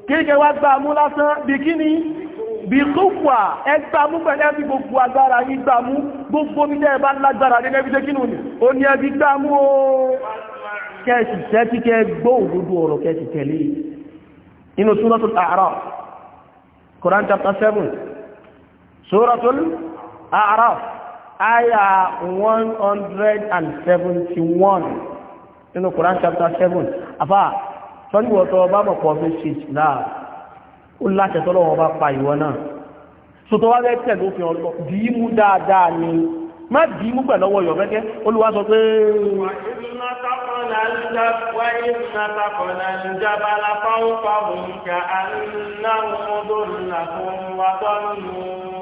kéèkẹ́ wá gbà mú lásán bí kí ni bí kúfà ẹgbà mú pẹ̀lú gbogbo agbára yí gbogbo mi tẹ́ẹ̀ bá Suratul Araf ayah 171, in the seventy one nínú Quran chapter seven àfà sọ́nìwọ̀tọ̀ ọba mọ̀ pọ̀ fi ṣe náà ó láṣẹ tọ́lọ́wọ́ bá pa ìwọ náà sọ́tọ́ wá bẹ́ẹ̀ tẹ̀lé òfin ọlọ́ dìímú dáadáa ni má dìímú pẹ̀lú ọwọ́ yọ̀ fẹ́kẹ́ Olúwa sọ pé. wà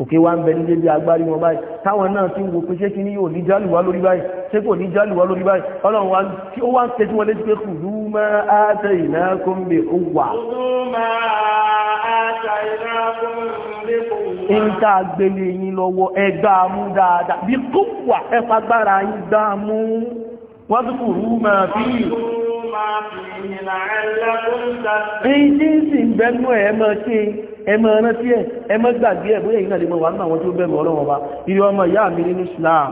òkè wá ń bẹ nílé bí agbárí wọn báyìí táwọn náà tí ń wo pé ṣé kí ní yóò ní jálùwá lórí báyìí ṣé kò ní jálùwá lórí báyìí ọlọ́run wá tí ó wá ń tẹ́jú wọn létí pé kù lú mọ́ áátẹ ìná kó ń bè ó wà. ń tá a gbélé yín lọ́wọ́ ẹ mú dáadáa bí kó wà ẹ fagbára yín gbá mú wọ́n tún kù lú mọ́ fi. èyí tí ń ẹmọ rántí ẹ̀ ẹmọ gbàgbé ẹ̀ bóyá ìrìnàlè mọ̀ wà nínú àwọn tí ó bẹ̀rù ọlọ́run ọba ìrì ọmọ ìyá mi nínú Islam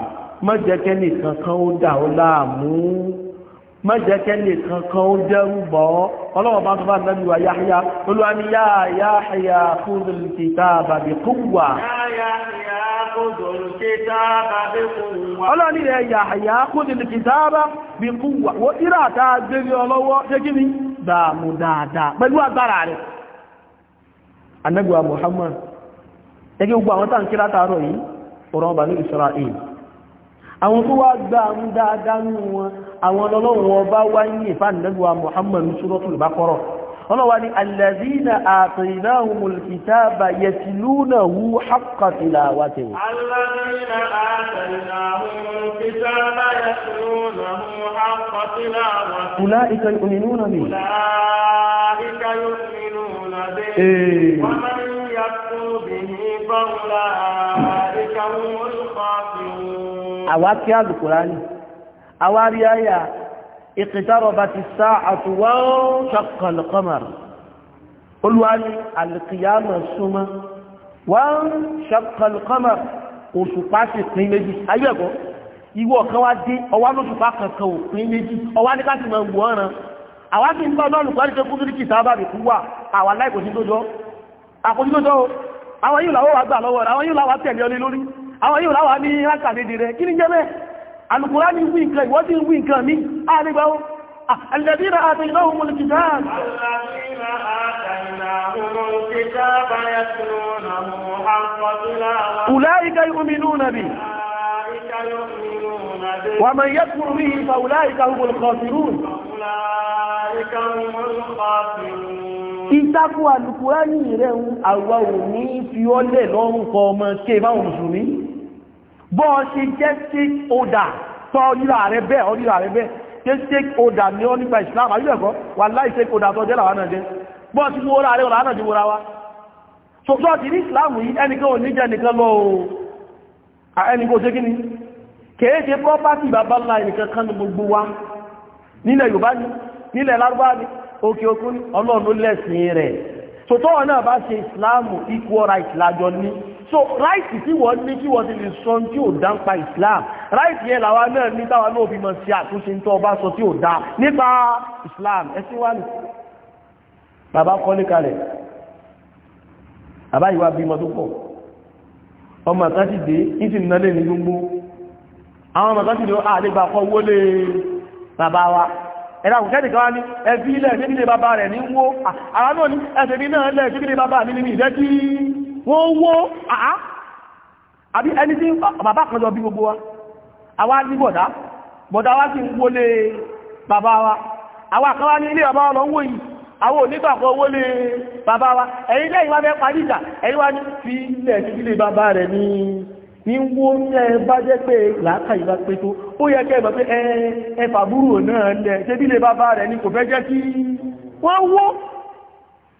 má jẹ́ kẹ́ni kankan ó dà ó láàmú má jẹ́ kẹ́ni kankan ó dẹ́rù bọ́ ọlọ́run bá tó bá nàbí wa Yahya olúwa ni yá Yahya khudh al-kitaba bi quwwa ọlọ́ni rẹ̀ Yahya khudh al-kitaba anagba muhammad ẹgbẹ́ gbogbo àwọn tàn kí látàárọ̀ yìí ọ̀rọ̀ ọba ní israel àwọn tó wá gba àwọn dáadáa nínú wọn àwọn ọlọ́run ọba wáyé ìfànàgbà muhammad ní suratul baqarah الذين ní الكتاب àtìnáhùn حق yẹtìlúnà hù haqqa الكتاب أولئك حق به أولئك يؤمنون به إيه. ومن يكفر به فأولئك هم الخاسرون أواكي هذا القرآن اقتربت الساعة وانشق القمر قل واني القيامة السمى وانشق القمر òṣùpá sì pín méjì ayé ẹ̀kọ́ ìwọ kan wá dé ọwá lóṣùpá kankan ò pín méjì ọwá ní káàkiri máa wù ọ́ràn àwa sì ń bá ọlọ́run pàdé kó tó ní kìtà bá bì kú wà àwa láì kò àwọn yóò láwọ́ wá gbà lọ́wọ́ rẹ̀ àwọn yóò láwọ́ tẹ̀lé ọlé lórí àwọn yóò láwọ́ ní alùkùránì wí nǹkan ìwọ́n tí ń wí nǹkan ní àrígbáwó الذين آتيناهم الكتاب الذين آتيناهم الكتاب يتلونه حق تلاوته أولئك يؤمنون به ومن يكفر به فأولئك هم الخاسرون فأولئك هم الخاسرون Ìtakò àlùkùránì rẹ̀ àwọn òní fi ọlẹ̀ lọ́rùn kọ ọmọ ké báwọn Mùsùlùmí. bọ́ ṣe jẹ́ stakeholder tọ́ ríra ààrẹ bẹ́ẹ̀ ọ ààrẹ bẹ́ẹ̀ jẹ́ stakeholder ni ọ nípa Islam ẹ̀kọ́ wà láì stakeholder tọ́ jẹ́ làwọn náà jẹ́ bọ́ ti ọ̀rọ̀ wa ti ní Islam yìí ò ní jẹ́ nìkan lọ o ṣe kíni bàbá ńlá gbogbo wa nílẹ̀ Yorùbá ni nílẹ̀ Lárúbá ni òkè òkun Ọlọ́run ló rẹ̀ so tó wọn náà bá ṣe ìsìláàmù equal right lájọ ní so right tí wọ́n ní kí wọ́n ti lè sọ tí ò dá ń pa islam right yẹn làwa náà ní táwa náà fi mọ̀ sí àtúnṣe tó ọba sọ tí ò dá nípa islam ẹ̀sìn wà ní bàbá kọ́lé kalẹ̀ bàbá ìwà bímọ tó pọ̀ ọmọ àtàtì dé ní ti nàlẹ́ ní gbogbo àwọn ọmọ àtàtì dé àlégbà kọ́ wọlé bàbá wa ẹ̀rà kò kẹ́nìkan wá ní ẹbí ilẹ̀ ṣébí lè bàbá rẹ̀ ní wó ara náà ní ẹsẹ̀ náà lẹ̀ ṣébí lè bàbá mi ní ìfẹ́ tí wó wó àá àbí ẹni tí bàbá kan lọ bí gbogbo wa wá ní bọ̀dá bọ̀dá wá sí wọlé bàbá wa àwa kan ní ilé bàbá ọlọ́ wó yìí àwọn onígbàkọ̀ owó lè bàbá wa ẹ̀yin lẹ́yìn wá fẹ́ parí ìjà ẹ̀yin wá ní fi ilẹ̀ bàbá rẹ̀ ní ní wó ní ẹ bá jẹ́ pé làákà ìbá pé tó ó yẹ kẹ́ ẹ̀mọ̀ pé ẹfà búrò náà lẹ ṣe lè bá bá rẹ̀ ní kò fẹ́ jẹ́ kí wọ́n wó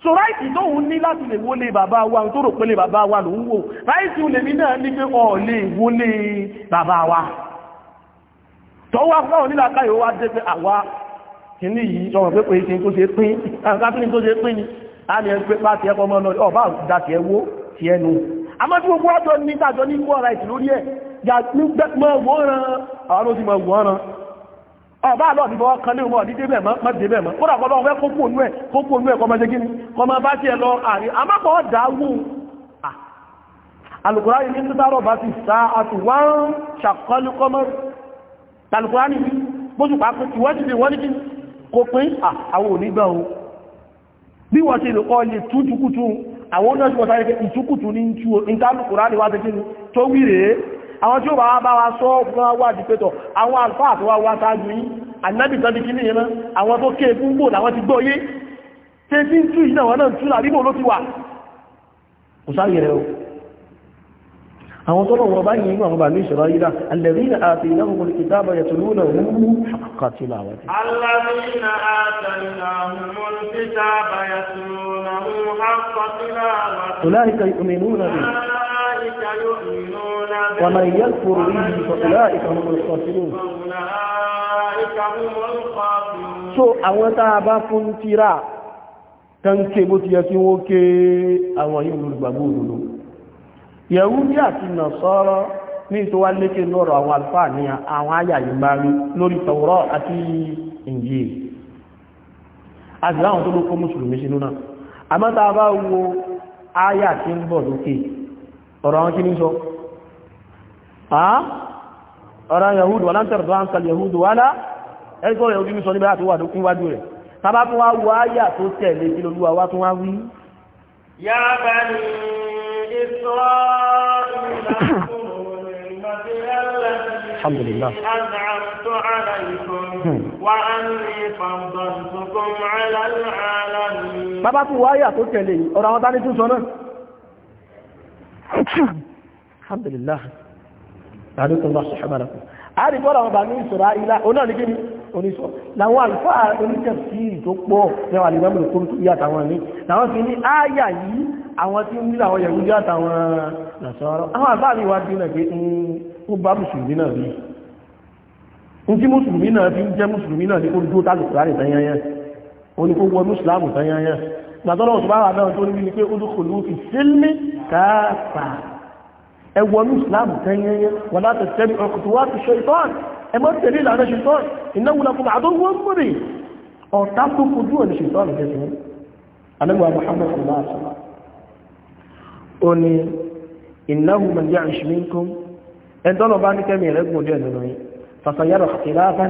so ráìtì tóhun ní láti lè wólé bàbá wa tó rò pé lè bàbá wa ló ń wò ráìtì olè mi náà ní pé ọ̀ wólé bàbá wa tọ́wọ́ fáwọn nílàkà yóò wá dé pé àwa kìíní yìí sọ̀rọ̀ pé pé ṣe tó ṣe pín àkáfíní tó ṣe pín ni a ní ẹgbẹ́ pá ti ẹkọ mọ́ lọ ọba dá àmọ́ tí gbogbo ọjọ́ ní tàjọ ní mọ́ ara ìtì lórí ẹ̀ yà ní gbẹ́mọ́ wọ́ran àwọn oṣù mọ̀ wọ́ran ọba àlọ́ ti fọwọ́ kan ní ọmọ ọdí débẹ̀ mọ́ débẹ̀ mọ́ kódà kọ́ lọ́wọ́ kókó onú ẹ̀ kókó onú ẹ̀ kọ́ máa ṣe kíni kọ́ máa bá tiẹ̀ lọ àrí àmọ́kọ́ ọ̀dà wù alùkùrá yìí ní títàrọ̀ bá ti sa àtùwọ́n ṣàkọ́lùkọ́ mọ́ alùkùrá ní bóṣù pàápàá ìwọ́n ti fi wọ́n ní kí kò pín àwọn onígbà ohun bí wọ́n ti lè kọ́ lè tújúkútú àwọn oníṣẹ́ ìpọ̀ sáré pé ìtúkùtù ní tú ìtàlùkùrá ní wá ti kínú tó wíre àwọn tí ó bá bá wa sọ fún wá di pétọ̀ àwọn alfáà tó wá wá sáájú yí ànábì tán di kí àwọn tó kéè fún gbò làwọn ti gbọ́ yé tí ń tú ìnáwọ́ náà tú làbíbò àwọn tọ́lọ̀ wọ báyìí nígbà wọn bà ní ìṣòro ayíra alẹ́rìnà àti ìlàmùkùn ìtàbà yẹ̀tù lónà òun àkàtí làwọn tí. alẹ́rìnà àti ìlàmùkùn ìtàbà yẹ̀tù lónà òun àkàtí làwọn tí. ọláìka ìkùnmínúnà bí. wàmà ìyẹ́kùrù yìí fọ̀tùláìka ọmọ ìkọ̀tìlú. so àwọn tá a bá fún tíra tán yẹ̀wúdí àti nàṣọ́rọ́ ní tó wá lékè lọ́rọ̀ àwọn àlùfáà ní àwọn àyà yìí máa rí lórí tọ̀wọ́rọ̀ àti ìyè àti láwọn tó ló kó mùsùlùmí sínú náà àmọ́ tá a bá wo àyà tí ń bọ̀ lókè ọ̀rọ̀ àwọn kí ní sọ ọ̀rọ̀ yahudu walantar da hankal yahudu wala ẹgbọ́ yahudu ní sọ ní báyà wà lókún wájú rẹ̀ tàbá tún wá wáyà tó tẹ̀lé kí lolúwa wá tún wá wí yá bá ní إسرائيل اذكروا نعمتي الحمد لله أنعمت عليكم وأني فضلتكم على العالمين bàbá tún wáyà tó tẹ̀lé ọ̀rọ̀ àwọn tání tún sọ náà alhamdulillah àdúgbò lọ́sùn ṣàbárakùn àríkọ́lá ọba ní ìṣọ̀rá ilá onáà ní kíni oníṣọ́ làwọn àlùfáà oníṣẹ́fì tó pọ̀ lẹ́wà lè mẹ́mìlì kó tó yàtàwọn ní làwọn fi ní ááyà yìí àwọn tí ń nílà àwọn yẹ̀wú yàtàwọn nàṣọ́rọ̀ àwọn àbáàrí wa dínà pé ó bá mùsùlùmí náà bí n tí mùsùlùmí náà fi ń jẹ́ mùsùlùmí náà ní kó dó tálùkùrárì tanyanya ó ní kó wọ mùsùlùmí tanyanya gbàtọ́lọ́wọ́ tó bá wà náà tó ní pé ó dúkòlù fi sílmì káàpàá ẹ wọnú islam tẹ́yẹyẹ wọ́n láti tẹ́lẹ̀ ọkùnrin wá ti ṣe ìtọ́n ẹ mọ́ tẹ̀lé ìlànà ṣe ìtọ́n ìnáwó lakùnrin àdóhùn ń múrì ọ̀tá tó kojú ọ̀nà ṣe ìtọ́n jẹ́ fún alẹ́wà muhammad sallallahu alaihi wasallam ó ní ìnáwó man ya'ish minkum ẹ̀dọ́nà bá ní kẹ́mi rẹ̀ gùn díẹ̀ nínú yìí fàṣàyàrọ̀ ìlàáfà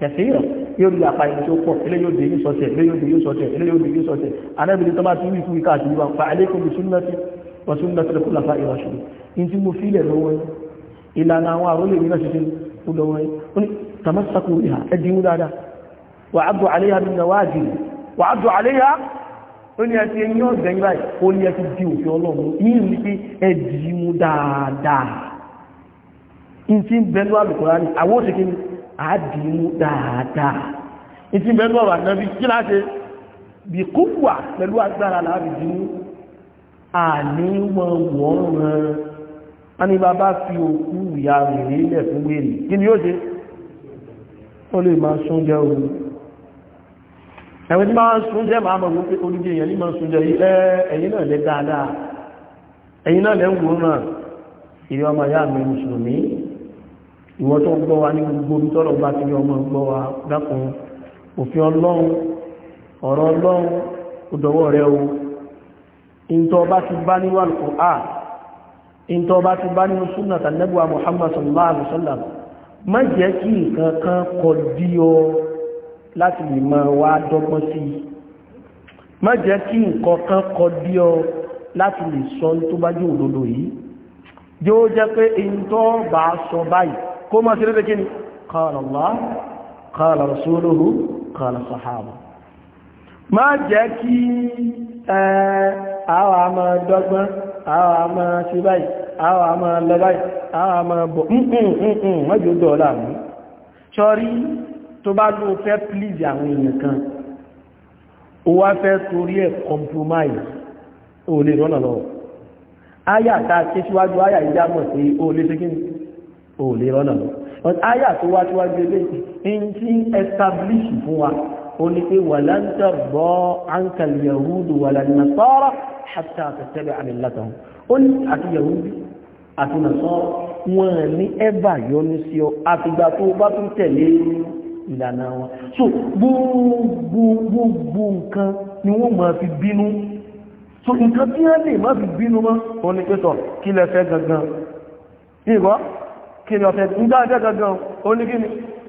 kẹfìrọ̀ yóò di àpá ìlú tó pọ̀ ilé yóò di yóò sọ̀tẹ̀ ilé yóò di yóò sọ̀tẹ̀ ilé yóò di yóò sọ̀tẹ̀ anábìrin tó bá ti wí fún ikú àti pa alaikum bi sunnati wa sunnati al in tí mo fílẹ̀ lọ́wọ́ ẹ ìlànà àwọn àrólè ní láti ṣe lọ́wọ́ ẹ ó ní tàmásàkù ìhà ẹdínwó dáadáa wà á dùn àléyà ní nàwáàdì wà á dùn àléyà ó ní ẹtì ẹni ọ̀gbẹ́ ń báyìí ó ní ẹtì di òfin ọlọ́run yìí ní pé ẹdínwó dáadáa in tí ń bẹnu àlùkòrá ni àwọn òṣèké ni àádìínwó dáadáa in tí ń bẹnu ọ̀rọ̀ ànábi kí láti bí kúwà pẹ̀lú agbára láàbì dínú a ní bàbá fi òkú ìyá rẹ̀ nílẹ̀ fún wèrè kí ni yóò ṣe ó lè máa súnjẹ ooru ẹ̀wọ̀n tí máa ń súnjẹ máa mọ̀ wípé olùdí èèyàn ní máa súnjẹ ẹ̀yìn náà lẹ dáadáa ẹ̀yìn náà lẹ ń wò náà ìrẹ́ ọmọ ìyá ìntọ́ bá ti bá nínú súnà tànẹ́bùwà Muhammad sallallahu alaihi wasallam má jẹ́ kí nǹkan kan kọ dí ọ láti lè máa wá dọ́gbọ́n sí i má jẹ́ kí nǹkan kan kọ dí ọ láti lè sọ tó bá jẹ́ òdodo yìí jẹ́ ó jẹ́ pé ìntọ́ bá sọ báyìí kó má sí ni qala Allah qala rasuluhu qala sahaba má jẹ́ kí ẹ̀ẹ́ àwọn a máa dọ́gbọ́n àwọn a máa ṣe báyìí àwọn a máa lọ báyìí àwọn a máa bọ̀ mọ́jú dọ̀ọ́lá mú sọ́rí tó bá ló fẹ́ please àwọn èèyàn kan ó wá fẹ́ torí ẹ̀ compromise ó lè rọ́nà lọ́wọ́ áyà tá a ké síwájú áyà ìjà mọ̀ sí ó lè ṣe establish fún ó ní pé walan tarda anka al-yahudu walan nasara hatta tattabi'a millatahum ó ní àti yahudu àti nasara wọn ní ẹ̀bà yọnu sí ọ àfìgbà tó bá tún tẹ̀lé ìlànà wọn so gbogbo nǹkan ni wọ́n máa fi bínú so nǹkan tí wọ́n lè máa fi bínú mọ́ wọn ni pé tọ̀ kí lẹ fẹ́ gangan ìwọ́ kí lẹ fẹ́ gangan ó ní kí ni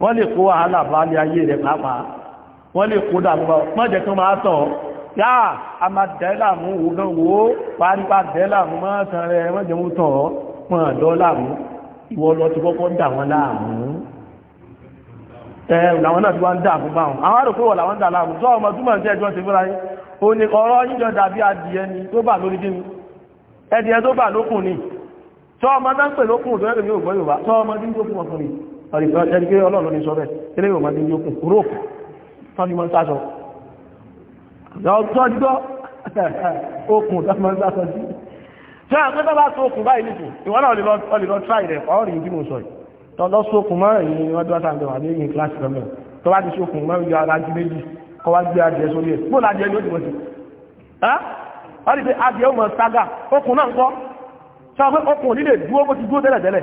wọ́n lè kó wàhálà balẹ̀ ayé rẹ̀ pàápàá wọ́n lè kó dàgbà mọ́jẹ̀ tó máa tọ̀ yáà a máa dẹ́là mú wo gan wo parípa dẹ́là mú máa san rẹ̀ mọ́jẹ̀ mú tọ̀ pọ̀n dọ́là mú ìwọ lọ ti kọ́kọ́ dà wọ́n láàmú ẹ̀ làwọn náà ti wá ń dà fún báwọn àwọn àròkó wọ̀ làwọn ń dà láàmú sọ ọmọ túmọ̀ sí ẹjọ́ ti fúnra yín ó ní ọ̀rọ̀ yíjọ dàbí adìyẹ ẹ̀ríkẹ́ ọlọ́run ní sọ́rẹ̀ ilé yóò máa dín yókùn rọ́pù tọ́jú mọ́ sáṣọ ọjọ́ okùn tọ́jú mọ́ sáṣọ sí ṣe àpẹta bá tó okùn báyìí nìtù ìwọ́n náà olùlọ tráì rẹ̀ ọ̀rìn ìdí mo sọ yìí tọ́lọ́ sókùn márùn-ún wọ́n dúró sáà wà ní ìyìn kíláàsì lọ́mọ tó bá ti sókùn márùn-ún yọ ara jí méjì kọ́ wá gbé adìẹ sórí ẹ̀ bó lájẹ ló dìbò sí wọ́n ti pé adìẹ ó mọ̀ sága okùn náà ń kọ́ sọ pé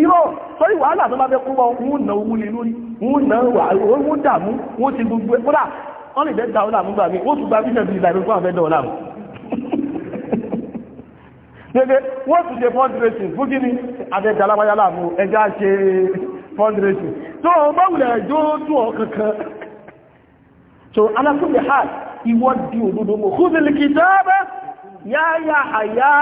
irọ́ sọ́rí wàhálà tó bá fẹ́ kó bọ́ wọ́n na owó lè lórí wọ́n na wọ́n dàmú wọ́n ti gbogbo ẹ̀ kódà wọ́n lè dá ọlá mú gbà mí wọ́n tún gba bíṣẹ̀ bí ìlànà fún àfẹ́dọ̀ ọlá mú [laughs] gẹ́gẹ́ wọ́n tún ṣe fundraising fún kí ni àfẹ́dà alábáyálà mú ẹjá ṣe fundraising tó bá wùlẹ̀ ẹjọ́ tún ọ kankan so alákùnlé ha ìwọ́ di òdodo mú kúzìlì kìtàbẹ́ yáyà àyà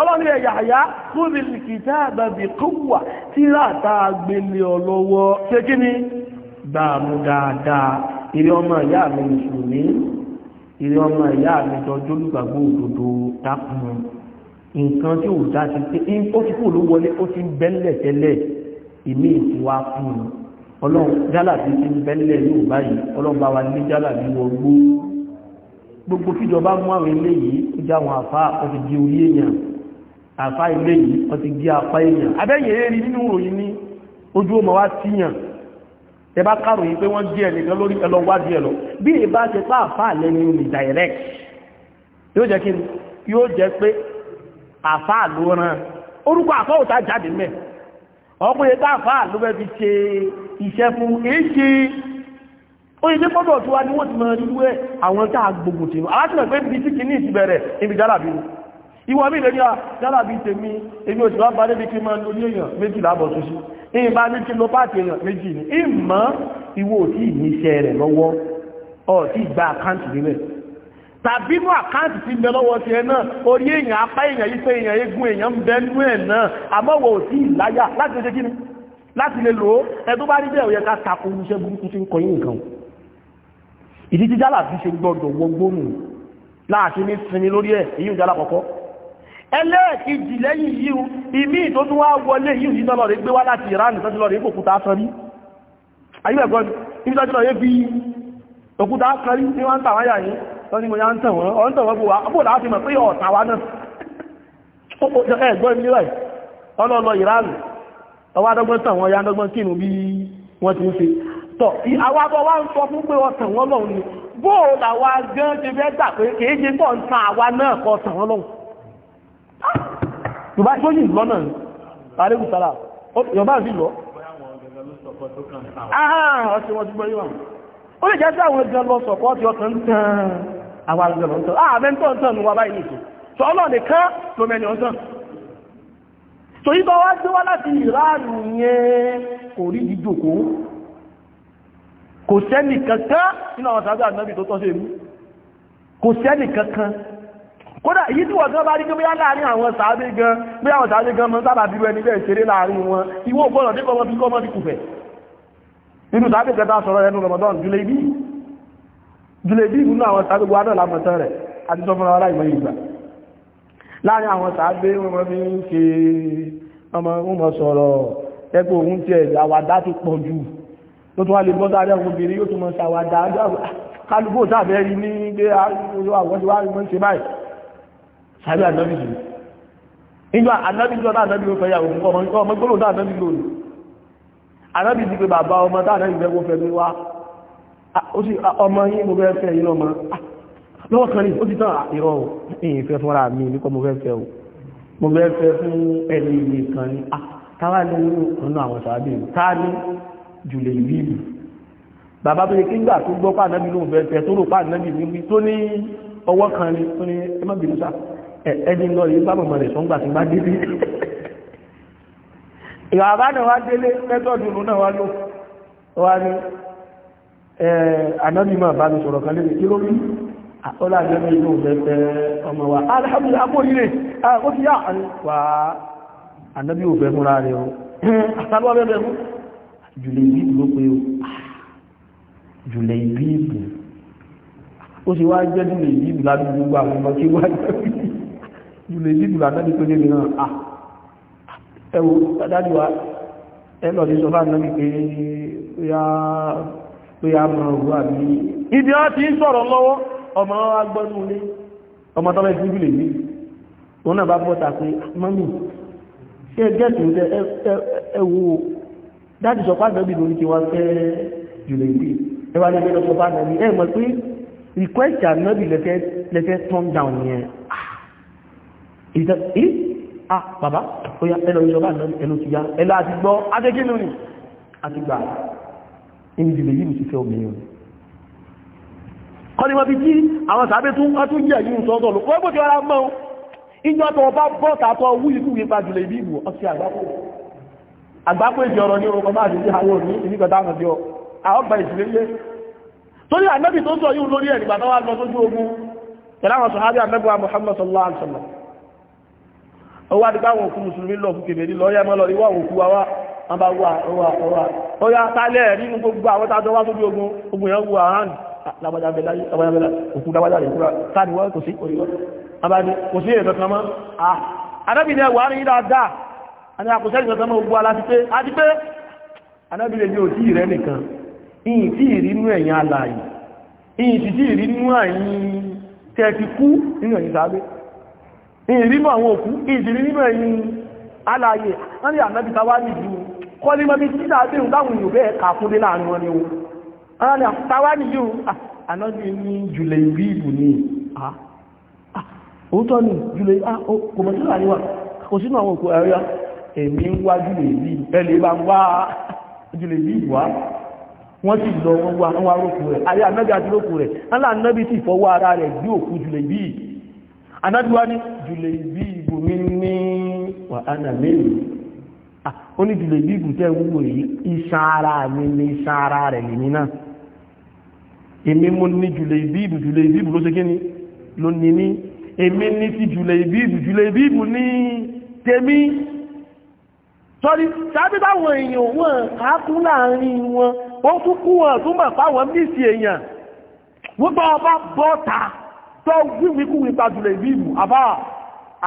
ọlọ́ni ẹ̀yà àyá tó bí kìtà àbàbì kúwà tí ráta agbélé ọlọ́wọ́ ṣe kí ni gbàmù dáadáa ìrẹ ọmọ ìyá mi mùsùlùmí ìrẹ ọmọ ìyá mi tọjú olùgbàgbọ́ òdodo dákun nǹkan tí ò dá ti pé ó ti kú ló wọlé ó ti ń bẹ́lẹ̀ tẹ́lẹ̀ ìmí ìtiwá fún un ọlọ́run jálàbí ti ń bẹ́lẹ̀ yóò báyìí ọlọ́run bá wa ní jálàbí wọgbó gbogbo kíjọba mú àwọn ilé yìí ó já àwọn àfá ọ̀tí di orí èèyàn àfá ilé yìí ọ̀tí di apá èèyàn abẹ́yìn eré nínú òyìn ní ojú ọmọ wa tíyàn ẹ bá káròyìn pé wọ́n díẹ̀ nìkan lórí ẹlọ́wádìí ẹ̀lọ bí ẹ bá ṣe pàáfà lẹ́nu ní direct yóò jẹ́ pé àfá ló ràn orúkọ àfá òta jáde mẹ́ ọkùnrin tá àfá ló fẹ́ fi ṣe iṣẹ́ fún èyí ó ilé fọ́dọ̀ tó wá ní wọ́n ti mọ̀ nínú ẹ̀ àwọn tá gbogbo tèmi alátìmọ̀ pé bí tí kìíní ti bẹ̀rẹ̀ ibi jálàbí ni ìwọ̀n mi lè ní à jálàbí tèmi èmi òṣìlá bá débi kí máa lórí èèyàn méjì lábọ̀ tó sí ìyìn bá ní kí ló bá tèèyàn méjì ni ìmọ̀ ìwò tí ìníṣẹ́ rẹ̀ lọ́wọ́ ó ti gba àkáǹtì nílẹ̀ tàbí ti bẹ náà orí èèyàn apá èèyàn yí èèyàn eégún èèyàn ń bẹ ẹ̀ náà àmọ́wọ̀ ò ìláyà láti lè ni láti lè lò ó ẹ tó bá rí bẹ́ẹ̀ ó ká takò oníṣẹ́ burúkú tí ń kọ yín nǹkan ìdí tí jálà fi ṣe gbọ́dọ̀ wọgbónù láàṣí ní sinmi lórí ẹ̀ èyí ìjálà kọ̀kọ́ ẹlẹ́ẹ̀kejì lẹ́yìn yíò ìmí tó tún wá wọlé yíò yìí lọ́rọ̀ gbé wá láti Iran tó ti lọ́rọ̀ ipò òkúta sọrí ayíwẹ̀gbọ́n ibi tó ti lọ́rọ̀ bí òkúta sọrí ní wọ́n ń tàwọn yà yìí tó ní mo yá ń tàn wọ́n ọ̀ ń tàn wọ́n bó wa bó láti mọ̀ pé ọ̀tà wa náà ẹ̀gbọ́n mi rẹ̀ ọlọ́lọ́ Iran ọwọ́ adọ́gbọ́n tàn wọ́n ya adọ́gbọ́n kínú bí wọ́n ti ń ṣe tọ̀ àwọn abọ́ ń sọ fún pé ọ̀sán wọn lọ́hùn ni bóò làwa gan ṣe fẹ́ gbà pé kìí ṣe tọ̀ ń tan àwa náà kọ ọ̀sán wọn lọ́hùn yorùbá tó yìí lọ́nà ni parígù sára yorùbá lọ ó lè jẹ́ sí àwọn ìjọ lọ tí ọkàn ń tan àwọn àgbẹ̀ lọ ah, wá sí wá láti ìráàlù yẹn kò rí ìdíjòkó kò sẹ́nì kankan nínú àwọn sàájú ànábì tó tọ́sẹ̀ mú kò sẹ́nì kankan kódà èyí tí wọ̀n gan bá rí pé bóyá láàrin àwọn sàájú gan bí àwọn sàájú gan mọ́ sábà bí ẹni bẹ́ẹ̀ ṣeré láàrin wọn ìwọ ògbọ́nà tí kọ́mọ́ fi kọ́mọ́ fi kùfẹ̀ nínú sàájú kẹta sọ̀rọ̀ ẹnu Ramadan Julebi Julebi nínú àwọn sàájú wa náà lámọ̀tán rẹ̀ àti sọ fúnra aláìmọ̀ ìgbà láàrin àwọn sàájú wọn mọ́ fi ń ṣe ọmọ sọ̀rọ̀ ẹgbẹ́ òun tiẹ̀ àwàdá ti pọ̀ jù tó tún wá lè bọ́ta rẹ̀ obìnrin yóò tún mọ́ ṣàwádà kálùkù tàbẹ́ rí ní gbé àwọ́síwá mọ́ ṣe báyìí sàbí ànábì jù nígbà ànábì jù ọ̀dá ànábì fẹ́ yàwó ọmọ gbọ́lò dá ànábì lónìí ànábì ti pé bàbá ọmọ dá ànábì fẹ́ wọ́n fẹ́ lé wá ọmọ yìí mo fẹ́ fẹ́ yìí lọ́mọ lọ́wọ́ kan ní ó ti tán ìrọ̀ ìyìn fẹ́ fúnra mi nípa mo fẹ́ fẹ́ o mo fẹ́ fẹ́ fún ẹni ìyìn kan ní jùlẹ̀ ìbíìlì bàbá tó yẹ kí gbà tó gbọ́ pàdánù ló ń bẹ tẹ tó rò pàdánù níbi tó ní ọwọ́ kan ni tó ní ẹ má bínú sá ẹni lọ yìí bá mọ̀mọ́ rẹ̀ sọ́ngbà tí bá délé [laughs] ìwàbá náà wá délé mẹ́tọ́dù ìlú náà wá lò wá ní ànábìmọ̀ bá mi sọ̀rọ̀ kan lé ọlá àjẹ́mẹ́ inú bẹ̀bẹ̀ ọmọ wa alhamdulillah akórílẹ̀ ó ti yá wà ànábí òbẹ̀ múra rẹ̀ [laughs] jùlẹ̀ ìbíbù ló pé jùlẹ̀ ìbíbù ó sì wá jẹ́ jùlẹ̀ ìbíbù ládùn gbogbo àwọn ọmọ tí wá jùlẹ̀ ìbíbù ládàbí pé lébì náà ah. ẹwọ dájú wa ẹlọ ní sọfà náà wípé pé a mọ̀ ọgbọ́ àbí ibi a ti ń sọ̀rọ̀ lọ́wọ́ ọmọ agbọ́nulé ọmọ tọ́lẹ̀ sí jùlẹ̀ ìbíbù òun náà bá bọ́ta pé mọ́mí ṣe gẹ́ẹ̀tì ń tẹ ẹwọ́ dáàdì sọ fáànà bí lórí kí wọ́n fẹ́ jùlọ ìdí ẹwà lè fẹ́ lọ sọ fáànà bí ẹ mọ̀ pé request ànábì lẹ́fẹ́ turn down yẹn ìtẹ́ ì à bàbá ó yá ẹlọ ìṣọ́bà ànábì ẹnu ti yá ẹlọ àti gbọ́ adékínú ni àti gbà ẹni jùlọ yìí ti fẹ́ obìnrin kọ́ ni wọ́n fi jí àwọn sàábé tún wọ́n tún jẹ́ yìí sọ́tọ̀ lọ wọ́n gbọ́dọ̀ ara mọ́ ìjọ́ tó bá bọ́ta tó wúlíkú yípa jùlọ ìbí ìbò ọ̀sẹ̀ àgbápò ìjọ ọ̀rọ̀ ní orúkọ bá àdúgbò àwọn òní ìníkọ̀tà àwọn ọjọ́ àọ́gbà ìsìlélé torí ànábì tó sọ yíò lórí ẹ̀ nígbà tó wá lọ sójú ogun pẹ̀lú àwọn sọ̀hábí ànábìwa Muhammad sallallahu alaihi wasallam owó àdúgbò àwọn òkú mùsùlùmí lọ fún kèbèrè lọ yẹ mọ́lọ ìwọ àwọn òkú wa wá wọn bá wà wà wà ó yá tálẹ̀ nínú gbogbo àwọn tá a jọ wá sójú ogun ogun yẹn wù àrán lágbàjá bẹ̀lá òkú lágbàjá rẹ̀ kúrò káàdì wọ́n kò sí òyìnbó abáni kò sí èdè kan mọ́ ah, àdábì ni ẹwà rí dáadáa àti àkùsẹ́ ìgbẹ̀sẹ̀ mọ́ gbogbo aláti pé a ti pé anábìlẹ̀ ní òtí rẹ̀ nìkan ìyìn tí ìrínú ẹ̀yìn alààyè ìyìn tí tí ìrínú ẹ̀yìn tẹ́ẹ̀tì kú nínú ẹ̀yìn sáré ìrínú àwọn òkú ìrínú ẹ̀yìn alààyè wọ́n ni ànábì tàwà nìjú kọ́ ní mọ́bí títà àdéhùn táwọn èèyàn bẹ́ẹ̀ kà fún dé láàrin wọn ni o wọ́n ni tàwà nìjú ànábì ní èmi ń wá jùlẹ̀bí ẹlẹ́ bá ń wá jùlẹ̀bí ìwá wọ́n sì lọ wọ́n wá wọ́n wá rókù rẹ̀ ayé anábì àti rókù rẹ̀ aláàánábì sì fọwọ́ ara rẹ̀ gbé òkú jùlẹ̀bí anábì wá ní jùlẹ̀bí ìbò mi ní wàhánà mẹ́rin ah, ó ní jùlẹ̀bí ìbò tẹ́ wúwo yìí iṣan mi ní mo ní jùlẹ̀bí ìbò jùlẹ̀bí ìbò ló ṣe ni ló ní ní èmi ní ti jùlẹ̀bí sọ́rí tàbí báwọn èèyàn wọn káàkún láàrin wọn ó tún kú wọn tó mọ̀ fáwọn mísì èèyàn gbogbo ọba bọ́ta tó wíwíkúwí gbajúlẹ̀ ìbíìmù àbá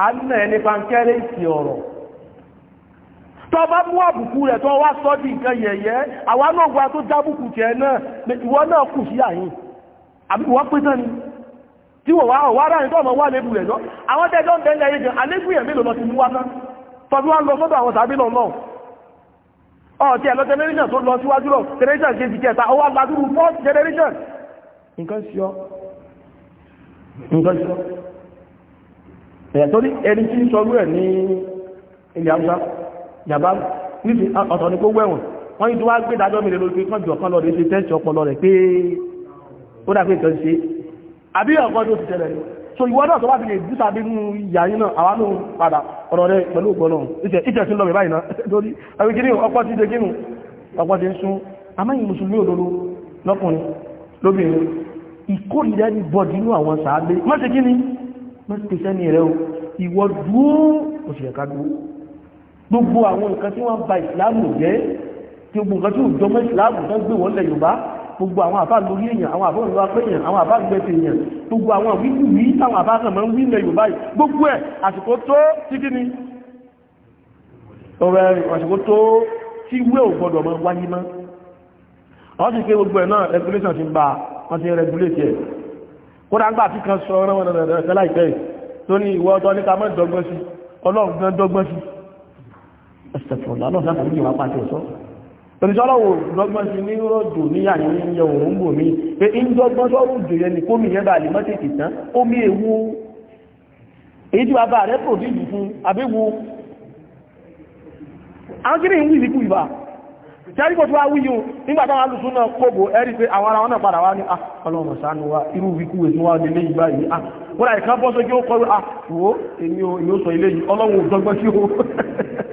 àánà ẹni pankẹ́rẹ́ ìsì ọ̀rọ̀ tó bá mú àbùkù rẹ̀ tó wá sọ́ tí wọ́n wá ọ̀wárá ìtọ́ ọmọ wà lébù rẹ̀ lọ àwọn tẹ́jọ́ ń tẹ́lẹ̀ ayé jẹ́ alébù yẹ̀ mélòó mú wá náà tọ́bí wá ń lọ sọ́dọ̀ àwọn tàbí lọ náà ọ̀tí ẹ̀lọ generation tó lọ síwájú lọ generation ṣe ti kẹta ó wá gbajúrú fourth generation nǹkan sí ọ nǹkan sí ọ ẹ̀yà tó ní ẹni tí ń sọrú ẹ̀ ní ilẹ̀ haúsá yàbá nífi ọ̀tọ̀ ní kó wẹ̀wọ̀n wọ́n yìí tó wá gbé dájọ́ mi lè lórí pé kọ́jú ọ̀kan ṣe tẹ́sí ọpọlọ rẹ̀ pé ó dà pé nǹkan so ìwọ náà tó bá ti lè dúsà bí mú ìyá yín náà àwa náà padà ọ̀rọ̀ rẹ pẹ̀lú ògbọ́nà ìtẹ̀ ìtẹ̀ sí lọ báyìí náà lórí àwọn kìíní ọ̀pọ̀ ti ṣe kínú ọ̀pọ̀ ti ń sún amáyìn mùsùlùmí òdodo lọ́kùnrin lóbìnrin ìkórìíra ní bọ́ọ̀dì inú àwọn sàábé má ṣe kíní má ṣe sẹ́ni rẹ o ìwọ dúó òṣèlú ká dúó gbogbo àwọn nǹkan tí wọ́n ba ìsìláàmù jẹ́ tí gbogbo nǹkan tí ò jọmọ́ ìsìláàmù tó gbé wọ́n lẹ̀ Yorùbá gbogbo àwọn àbá lórí èèyàn àwọn àbá òǹlọ́wà pé èèyàn àwọn àbá gbẹ̀tẹ̀ èèyàn gbogbo àwọn wíwú wí táwọn àbá kan máa ń wí ilẹ̀ Yorùbá yìí gbogbo ẹ̀ àsìkò tó tí kí ni ọ̀rẹ́ àsìkò tó tí wé ò gbọdọ̀ mọ́ wáyé mọ́ wọ́n sì pé gbogbo ẹ̀ náà regulation ti ń bá wọ́n ti regulate ẹ̀ kódà ńgbà tí kan sọ ọ̀rọ̀ wọn lọ́dọ̀ láìpẹ́ tó ní ìwọ ọ̀tọ̀ ní ká mọ́ dọ́gbọ́n sí Ọlọ́run gan dọ́gbọ́n sí ẹ̀sẹ̀ fọ̀lá lọ́sàkùnrin ìwà pàtẹ́ sọ́ọ̀ tòníṣọ́lọ́wò lọ́gbọ́n ti ní rọ́jò níyàní ní yẹ òun bò mí pé ìjọgbọ́n sọ́rọ̀ jò yẹ ní kómi yẹ bá lè mọ́ tètè tán omi ewu èyí tí bàbá rẹ̀ pòdìdì fún abéwu àwọn kí ní ìwú ìdíkù ìbá jẹ́ríkò tó wá wí yóò nígbà táwọn alùsùn náà kóbò ẹ̀rí pé àwọn ara wọn náà padà [laughs]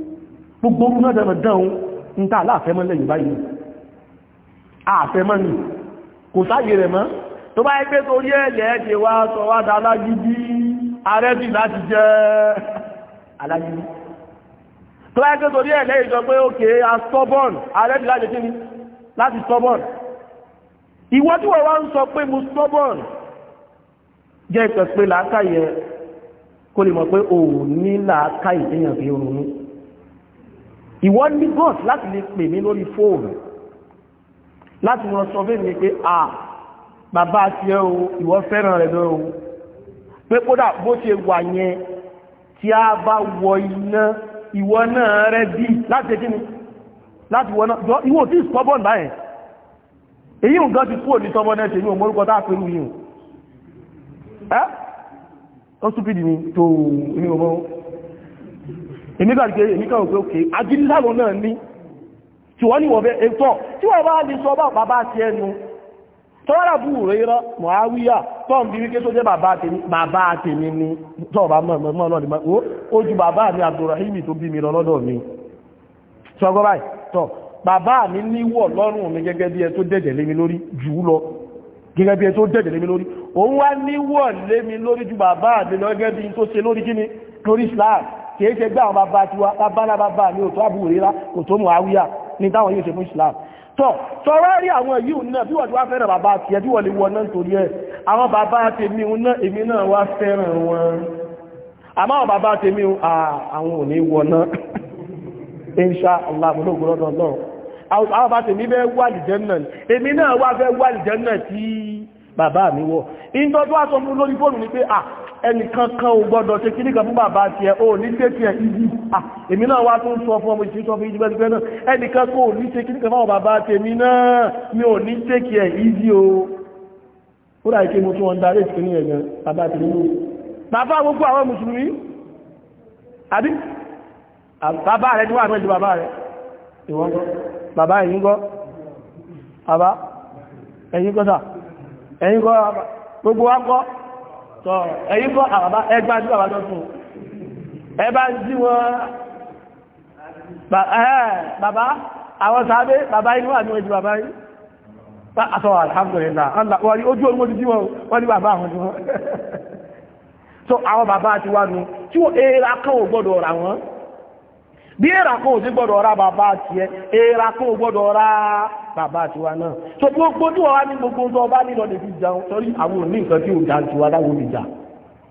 gbogbo orú náà dẹ̀rẹ̀ dán ń tà láàfẹ́mọ́ lẹ́yìn báyìí àfẹ́mọ́ ni kò sáyé rẹ̀ mọ́ tó bá ẹgbẹ́ tó rí ẹ̀lẹ́ ẹ̀ṣẹ̀ wá sọ wá dá alágídí ààrẹ sì láti jẹ́ alágídí tó bá ẹgbẹ́ tó rí ẹ̀lẹ́ ìjọ pé òkè a stubborn ààrẹ sì láti kíni láti stubborn ìwọ tí wọ́n wá ń ìwọ ní gọ́ọ̀t láti lè pè mí lórí fóònù láti lọ sọ fún mi pé à bàbá àti ẹ o ìwọ fẹ́ràn rẹ̀ lọ o pé kódà bó ṣe wà yẹn tí a bá wọ iná ìwọ náà rẹ̀ bí láti kí ni láti wọ náà ìwọ tí stubborn báyẹn èyí nǹkan ti kúrò ní stubborn ẹ̀ṣẹ̀ ní òmórúkọ tá a pẹ̀lú yìí ẹ́ ó súpìdì ni tó ní òmórúkọ èmi kà gbé èmi kà òkè òkè ajínigbàwọ̀ náà ní tí wọ́n ní wọ́n bẹ ètò tí wọ́n bá lè sọ bàbá ti ẹnu tọ́wọ́rà bú rẹ́rọ́ mọ̀háwíyà tọ́m bí wíké tó jẹ́ bàbá tèmi ní tọ́ọ̀bá mọ̀ lọ́dún mọ́ ó ju bàbá mi Abdurrahim tó bí mi lọ lọ́dọ̀ mi sọ́gọ́ báyìí tọ́ bàbá mi níwọ̀ lọ́rùn mi gẹ́gẹ́ bí ẹ tó dẹ̀dẹ̀ lé mi lórí jù lọ gẹ́gẹ́ bí ẹ tó dẹ̀dẹ̀ lé mi lórí òun wá níwọ̀ lé mi lórí ju bàbá mi lọ gẹ́gẹ́ bí tó ṣe lórí kíni lórí Islam kìí ṣe gbé àwọn bàbá tiwa bàbá bàbá ní òtó àbúrò rírá kò tó mọ̀ àwíyá ní táwọn yóò ṣe fún Islam tọ́ sọ́rọ́ rí àwọn yìí náà bí wọ́n ti wá fẹ́ràn bàbá tiẹ̀ tí wọ́n lè wọ náà torí ẹ̀ àwọn bàbá tèmi náà èmi náà wá fẹ́ràn wọn àmọ́ àwọn bàbá tèmi àwọn ò ní wọ náà [laughs] insha Allah àbúrò lọ́dọ̀ náà àwọn bàbá tèmi bẹ́ wà lìjẹ́nà èmi náà wá fẹ́ wà lìjẹ́nà tí bàbá mi wọ̀ ìjọ tó wá sọ fún lórí fóònù ni pé ẹnìkan kan ò gbọ́dọ̀ ṣe kí nìkan fún bàbá ti ẹ̀ o ní ṣe ti ẹ̀ ìdí èmi náà wá tún sọ fún ọmọ ìṣẹ́ sọ fún ìjìbẹ́ ìgbẹ́ náà ẹnìkan kò ní ṣe kí nìkan fún bàbá ti èmi náà mi ò ní ṣe kí ẹ̀ ìdí o ó rà ike mo tún wọn darí ìsìn ní ẹ̀gbẹ́ bàbá ti nínú bàbá gbogbo àwọn mùsùlùmí àbí bàbá rẹ̀ ti wà mẹ́jọ bàbá rẹ̀ ìwọ́n gọ́ bàbá ẹ̀yìn gọ́ bàbá ẹ̀yìn gọ́ sà ẹ̀yìn gọ́ gbogbo wa gọ́ tọ́ ẹ̀yìn kọ́ àbá ẹgbà bàbá lọ́tún ẹ bá wọn bàbá àwọn sàábé bàbá inú àti ojú bàbá yìí àtọ́ wọ́n ni ojú jí wọn wọ́n ni bàbá àwọn jíwọ́n [laughs] so àwọn bàbá ti wá nu tí wọ́n èèrà gbọ́dọ̀ ra wọn bí èèrà gbọ́dọ̀ bàbá èèrà gbọ́dọ̀ bàbá tiwa náà tó gbogbo tí wọ́n wá ní gbogbo tó ọba nílò lè fi jẹun sọ́rí àwọn òní nǹkan tí ò já tiwa láwọn òní jà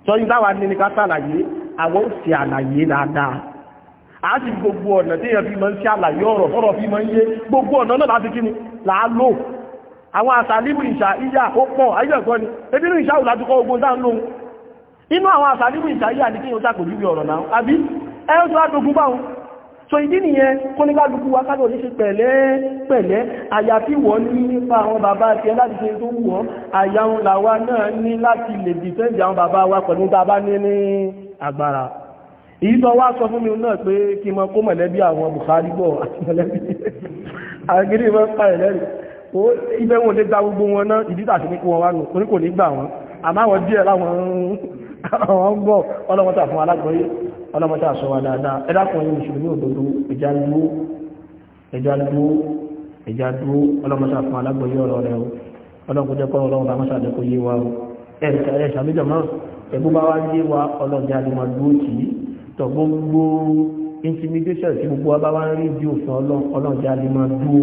sọ́rí táwa ní ní ká sàlàyé àwọn ò sì àlàyé dáadáa a sì gbogbo ọ̀nà tí èèyàn fi máa ń ṣe àlàyé ọ̀rọ̀ fọ́rọ̀ fi máa ń yé gbogbo ọ̀nà náà láti kí ni làá lò àwọn àsàlíbù ìṣà ìyà ó pọ̀ ayé ẹ̀kọ́ ni ebi ní ìṣà òlàjú kọ́ ogun sáà ń lóhun inú àwọn àsàlíbù ìṣà ìyà ní kí o sàkòjú bí ọ̀rọ̀ náà àbí ẹ́ ń sọ àtògún báhùn so ìdí nìyẹn kó ní kálukú wa kájọ ní ṣe pẹ̀lẹ́ pẹ̀lẹ́ àyà tí wọ́n ní nípa àwọn bàbá àti ẹ láti ṣe tó wù ọ́ àyà ń là wa náà ní láti lè dìfẹ́ǹdì àwọn bàbá wa pẹ̀lú tá a bá ní ní agbára èyí tó wá sọ fún mi náà pé kí n mọ kó mọ̀lẹ́bí àwọn Buhari ọlọ́mọdé àṣọwà dáadáa ẹ̀dàkùnrin mùsùlùmí òdodo ẹja dúró ẹja dúró ẹja dúró ọlọ́mọdé àfún alágbòye ọ̀rọ̀ rẹ o ọlọ́mọdé kọ́ ọlọ́run bá mọ́sàdé kò yé wa o ẹ̀ka ẹ̀ sàmìjọ mọ́ ẹ̀bú bá wá yé wa ọlọ́dẹ àdìmọ̀ dúró tì í tọ̀ gbogbo intimidation tí gbogbo wa bá wá ń rí di òfin ọlọ́dẹ àdìmọ̀ dúró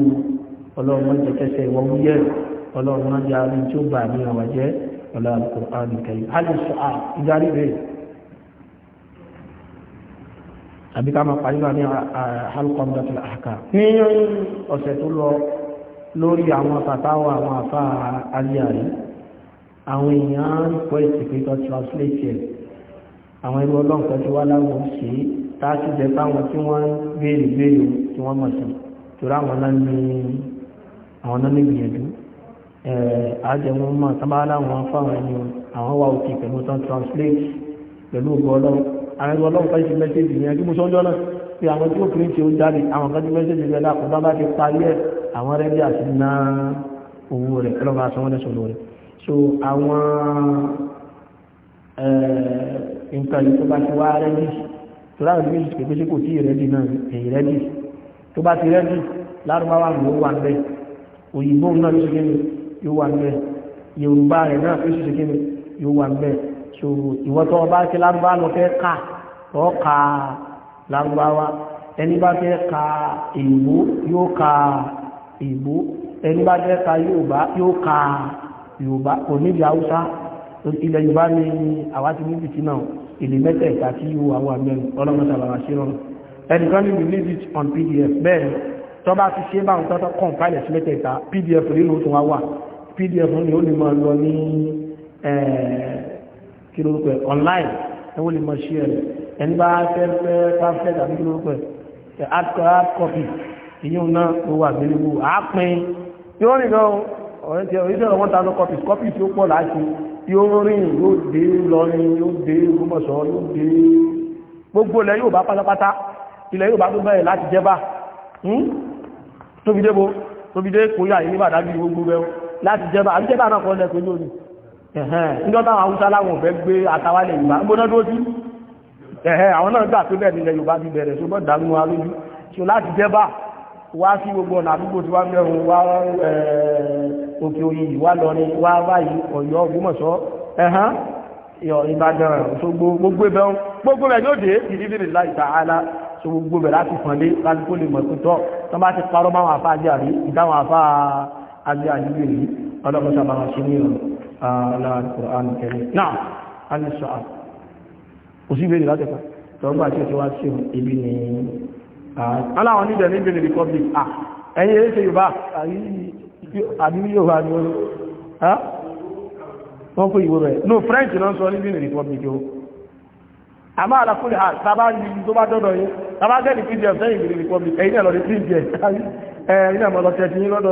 ọlọ́run máa ń jẹ kẹsẹ̀ ìwọ wúyẹ́ àbí ká máa pàdé ní alkọ̀mdọ̀tì àkà ní ọ̀sẹ̀ tó lọ lórí àwọn fàtàwà àwọn àfà aliyari àwọn èèyàn pọ̀ ìsìnkú translate àwọn ẹgbẹ́ ọlọ́nkọ́ tí wá láwọn sí táàkì jẹ́ fáwọn tí wọ́n béèrè béèrè tí wọ́n mọ̀ sí torí àwọn náà ní gbìyànjú àjẹmọ́ mọ̀ sábà láwọn fáwọn ẹni àwọn wà òkè pẹ̀lú translate pẹ̀lú ọgbọ́ ọlọ́run àwọn ẹgbẹ́ ọlọ́run kan ṣe mẹ́sẹ̀jì yẹn kí mo sọ ọjọ́ náà pé àwọn tí ó pín ṣe ó jáde àwọn kan ṣe mẹ́sẹ̀jì rẹ̀ lápò bá bá ti parí ẹ̀ so àwọn nǹkan yìí tó bá ti wá rẹ́dí tó láwọn ìdílé ìṣèké pé ṣé kò tí ì rẹ́dí náà èyí rẹ́dí tó bá ti rẹ́dí lárúbáwá ló wà ń bẹ òyìnbó náà ló ṣe kéde yóò wà ń bẹ yorùbá rẹ̀ náà ló ṣe kéde yóò wà ń bẹ so ìwọ tó bá ti lárúbá lọ fẹ́ ka ọ kà lárúbáwá ẹni bá fẹ́ kà ìbò yóò kà ìbò ẹni bá fẹ́ kà Yorùbá yóò kà Yorùbá kò níbi Haúsá ilẹ̀ Yorùbá ni àwa ti níbi tí náà èdè mẹ́tẹ̀ẹ̀ta tí yóò àwọn àmẹ́rin ọlọ́mọta bàbá sí rọrùn ẹnìkan ní release it on pdf bẹ́ẹ̀ tó bá ti ṣe báwọn tọ́tọ́ compile sí mẹ́tẹ̀ẹ̀ta pdf nínú tó wá wà pdf ni ó lè máa lọ ní kí lórúkọ ẹ̀ online ẹwọ́n lè mọ̀ ṣí ẹ̀ ẹni bá fẹ́ fẹ́ bá fẹ́ tàbí kí lórúkọ ẹ̀ hard copy ìyẹn náà ó wà gbéléwò àápin yóò rìn lọ ọ̀rẹ́ tí ọ̀rẹ́ tí ọ̀rẹ́ wọn tánú copies copies tí ó pọ̀ láti yóò rìn yóò dé lọrin yóò dé gbọmọ̀sọ̀ yóò dé gbogbo ilẹ̀ yóò bá pátápátá ilẹ̀ yóò bá tó bẹ̀rẹ̀ láti jẹba hmm? tóbi dé bo tóbi dé kóyà yìí ní bàdájú gbogbo bẹ́ẹ̀ láti jẹba àbíjẹba náà kọ́ lẹ́kọ̀ọ́ yóò ní níjọ́ táwọn haúsá láwọn ò fẹ́ gbé àtàwálẹ̀ yorùbá ń gbóná dúró sí àwọn náà gbà pé bẹ́ẹ̀ nílẹ̀ yorùbá ti bẹ̀rẹ̀ ṣùgbọ́n dànù alójú tí ó láti jẹ́ bá wá sí gbogbo ọ̀nà àdúgbò tí wá mẹ́rùn wá òkè òyìn wá lọrin wá báyìí ọ̀yọ́ ògbómọ̀ṣọ́ ẹ̀hán yọ ìbàdàn ṣogbo gbogbo ẹ̀bẹ̀ gbogbo ẹ̀ yóò dé ìdíbìrì láì tààlà so gbogbo ẹ̀ láti fọ̀nlé láti kó lè mọ̀ pé tọ́ tọ́ bá ti parọ́ máwọn àfáà jẹ́ àrí ìdáwọn àfáà àgbẹ̀ àdúgbò yìí ọlọ́mọṣà máa ṣe ní ìrọ̀lẹ́ lára Kùránì kẹrin náà a ní sọ́à kò sí ìbéèrè láti pa tọ́gbà tí ó ti wá sí ibi ní aláwọn onídẹ̀ ní Benin Republic ẹ̀yìn eré ṣe Yorùbá àbí Yorùbá ni ó wọ́n kó ìwò rẹ̀ no French náà sọ ní Benin Republic o àmá àlàkùnrin àtàbá yìí tó bá dọ́dọ̀ yìí tàbá gẹ́ẹ̀dì pdf sẹ́yìn Benin Republic ẹ̀yìn náà lọ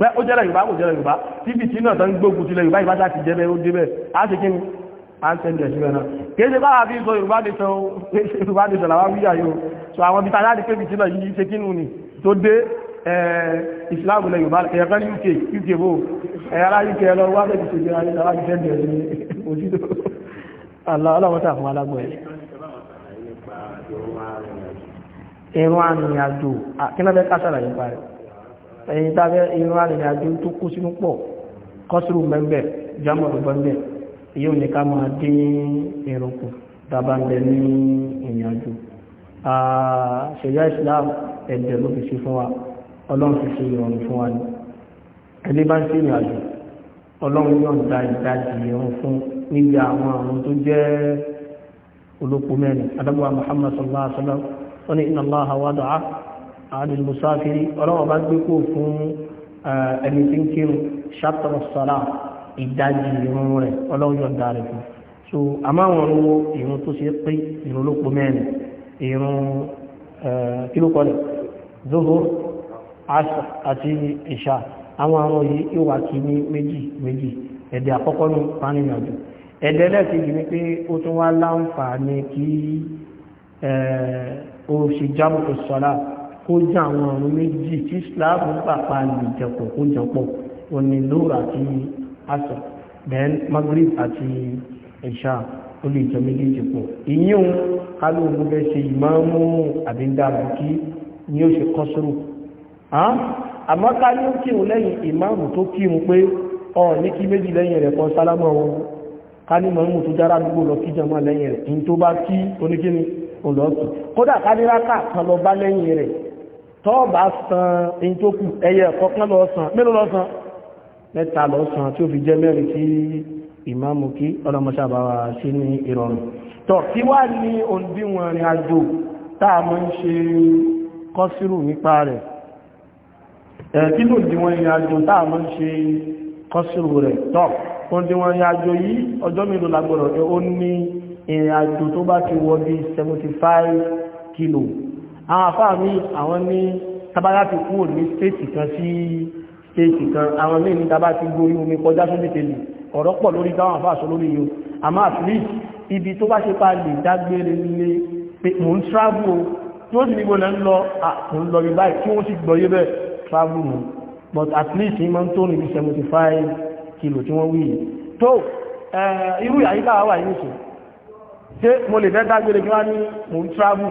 bẹ́ ó jẹ́lẹ̀ yorùbá kò jẹ́lẹ̀ yorùbá tíbi tí náà tán gbógun tilẹ̀ yorùbá ìbá láti jẹ́bẹ̀ ó débẹ̀ á ti kí ni a ń tẹ́lẹ̀ sí ẹ̀nà kéèṣe bá àfi sọ yorùbá ní sọ yorùbá ní sọ làwọn wíyà yóò sọ àwọn ibi tàyà ní kébi tí náà yìí ṣe kínú ni tó dé ìsìláàmù lẹ yorùbá ẹ̀yà kan ní uk uk bó ẹ̀yà ará uk lọ wá bẹ́ẹ̀ ti ṣe jẹ́ ara ti tẹ́lẹ̀ sí òjìdó aláwọ̀ta fún alágbọ̀ ẹ̀ ẹ̀rọ àrìnrìn àjò kí náà bẹ́ ká sàlàyé parí ẹ̀yìn tàbí irun arìnrìnàjò tó kú sínú pọ̀ kọ́sùrù mẹ́gbẹ̀ jámọ̀rù gbọ́ngbẹ̀ yíò ní ká máa dín ìrùnkù tàbàndẹ̀ ní ìrìnàjò ṣẹ̀yà Islam ẹ̀dẹ̀ ló fi sí fún wa ọlọ́run fi sí ìrọ̀rùn fún wa ní ẹni bá ń sí ìrìnàjò ọlọ́run yóò da ìdajì ìrùn fún níbi àwọn àrùn tó jẹ́ àádùn musafiri ọlọ́wọ́ bá gbé kó fún eh, ẹni tí ń kírun ṣàtọ̀rọ̀ sọ́lá ìdajì irun rẹ̀ ọlọ́wọ́ yọ̀ dáre fún so àmọ́ àwọn owó irun tó ṣe pé irun eh, ló po mẹ́rin irun kílókọ́ rẹ̀ zoho asr àti ìṣà àwọn àwọn yìí ìwà kì ní méjì méjì ẹ̀dẹ̀ àkọ́kọ́ ní pánìyànjú ẹ̀dẹ̀ lẹ́ẹ̀kejì ni pé ó tún wá láǹfààní kí eh, ó ṣe jábùkù sọ́lá kó jẹ́ àwọn àrùn méjì tí Islam pàpà lè jẹpọ̀ kó jẹpọ̀ òní lóòrà àti asọ̀ then Maghrib àti Isha ó lè jẹ méjèèjì pọ̀ ìyíhun kálóògbó fẹ́ ṣe ìmáàmù àbíndàbù kí ni ó ṣe kọ́sùrù àmọ́ ká ní ó kírun lẹ́yìn ìmáàmù tó kírun pé ọ ní kí méjì lẹ́yìn rẹ̀ kan sálámọ̀ wọn ká ní mọ̀mù tó jára dúgbò lọ kí jẹmọ́ lẹ́yìn rẹ̀ ní tó bá kí oníkíní olóòtú kódà ká kan lọ bá lẹ́yìn rẹ̀ tọ́ọ̀bá san èyí tó kù ẹyẹ ọ̀kọ̀kan lọ san mélòó lọ san mẹ́ta lọ san tí ó fi jẹ́ mẹ́rin tí ìmáàmù kí ọlọ́mọṣàbáwà sí ní ìrọ̀rùn tọ̀ kí wá ní òǹdíwọ̀n rìn àjò táà mọ́ ń ṣe kọ́sírù nípa rẹ̀ kí ló òǹdíwọ̀n rìn àjò táà mọ́ ń ṣe kọ́sírù rẹ̀ tọ̀ òǹdíwọ̀n rìn àjò yìí ọjọ́ mélòó la gbọ́dọ̀ ó ní ìrìn àwọn àfáà mi àwọn ní tabara ti kúrò ní stéètì kan sí stéètì kan àwọn míì ní tabá ti gorí omi kọjá sóbì tèlè ọ̀rọ̀ pọ̀ lórí táwọn àfáà sọ lórí yìí àmọ́ àfírí ibi tó bá ṣe pa lè dágbére nílé pé mò ń travel o tí ó sì níbo lẹ́ lọ mò ń lọ bí tí but at least ní máa ń tó níbi seventy five kilo tí wọ́n wí yìí tó eh, irú àyíká wa wà yìí nìṣẹ́ ṣé mo lè fẹ́ dágbére kí wọ́n ní mò ń travel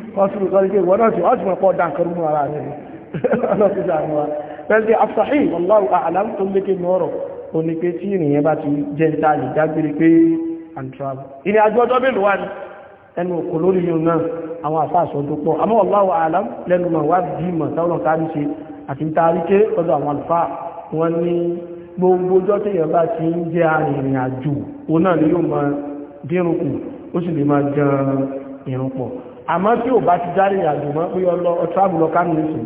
wọ́n tún sọ wípé wọ́n náà tí wọ́n ti mọ̀ pọ̀ dáǹkan mú ara rẹ̀ [laughs] ọlọ́sí sàánú wa pẹ̀lú afṣàhí wallahu a'lam tó lékè nọ́rọ̀ ó ní pé tí ènìyàn bá ti jẹ́ ń tààlì dágbére pé and travel ìrìn àjò ọjọ́ mélòó wà ní ẹnu òkú lórí yóò náà àwọn àfáàsọ tó pọ̀ àmọ́ wallahu a'lam gbogbo ọjọ́ tí èèyàn ti ń jẹ́ arìnrìn àjò òun náà ni yóò máa dírùnkù ó sì lè máa jẹun ìrùn pọ̀ àmọ́ tí ò bá ti járe ìrìnàjò mọ́ pé ọlọ ọ̀tráàbù lọ kánú lóṣù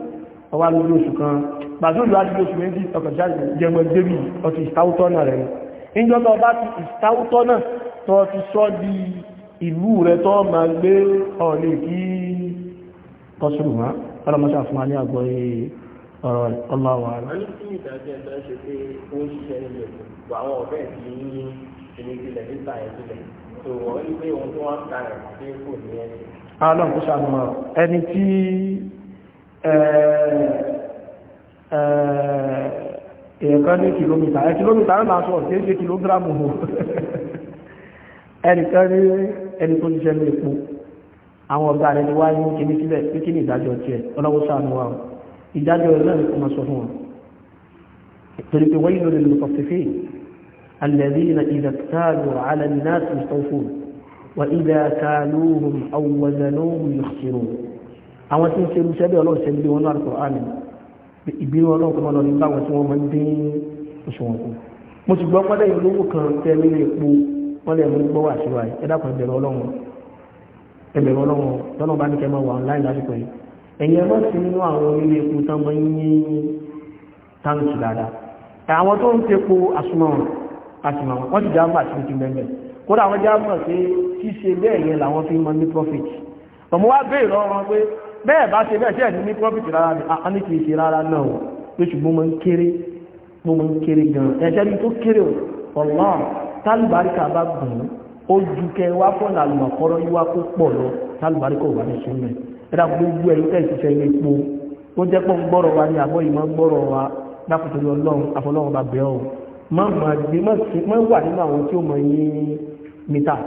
ọwá lórí oṣù kan gbàdúrà lórí adúlé oṣù méjì ọkọ̀ jáde jẹmọ débì ọtí ìstáwútọ́ náà rẹ̀ ni níjọ́ tó bá ti ìstáwútọ́ náà tó ti sọ di ìlú rẹ̀ tó ma gbé ọ̀lẹ́ kí kọsùrù wọn ọlọmọṣà fún wa ní àgbọ̀ ọ̀rọ̀ ọlọ́wà rẹ̀ àwọn kò sàmọ̀ ẹni tí ẹ̀ẹ̀kan ní kìlómítà ẹ̀ kìlómítà ń lásọ̀ tí é ṣe kìlógírámù hù ẹnìkan ní ẹni tó jíṣẹ́ ní epo àwọn ọ̀gá rẹ̀ ni wá ní kíní sílẹ̀ pé kí ní ìdájọ́ tiẹ̀ ọlọ́wọ́ sàánú wa ìdájọ́ وإذا كالوهم أو وزنوهم يخسرون àwọn tí ń ṣe irúṣẹ́ bí ọlọ́run ṣe ń gbé wọn náà kọ̀ọ̀án ìbínú ọlọ́run kọ́mọ lọ nígbà wọn tí wọ́n máa ń dín òṣùwọ̀n kù mo sì gbọ́ pọ́dẹ̀ ìlówó kan tẹ́ nílé epo wọ́n lè mú gbọ́ wà síwá yìí ẹ dákun ẹbẹ̀rẹ̀ ọlọ́run ẹbẹ̀rẹ̀ ọlọ́run lọ́nà bá ní kẹ́ kódà àwọn já mọ̀ pé ṣíṣe bẹ́ẹ̀ yẹn làwọn fi mọ ní profit ọmọ wa béèrè lọ́wọ́ pé bẹ́ẹ̀ bá ṣe bẹ́ẹ̀ ṣẹ́ẹ̀ ní profit rárá ni ah, a ní kìí ṣe rárá náà pé ṣùgbọ́n mo ń kéré mo ń kéré gan ẹ̀ṣẹ́ ní tó kéré ọ̀lá tálùbáríkà bá gùn ó ju kẹ wá fọ́nà àlùmọ̀kọ́rọ́ yíwá wa ní àbọ̀ ìmọ̀ gbọ́rọ̀ wa dákùtò ọlọ́run àfọlọ́run bàbẹ́ ọ̀ má wà nínú mítà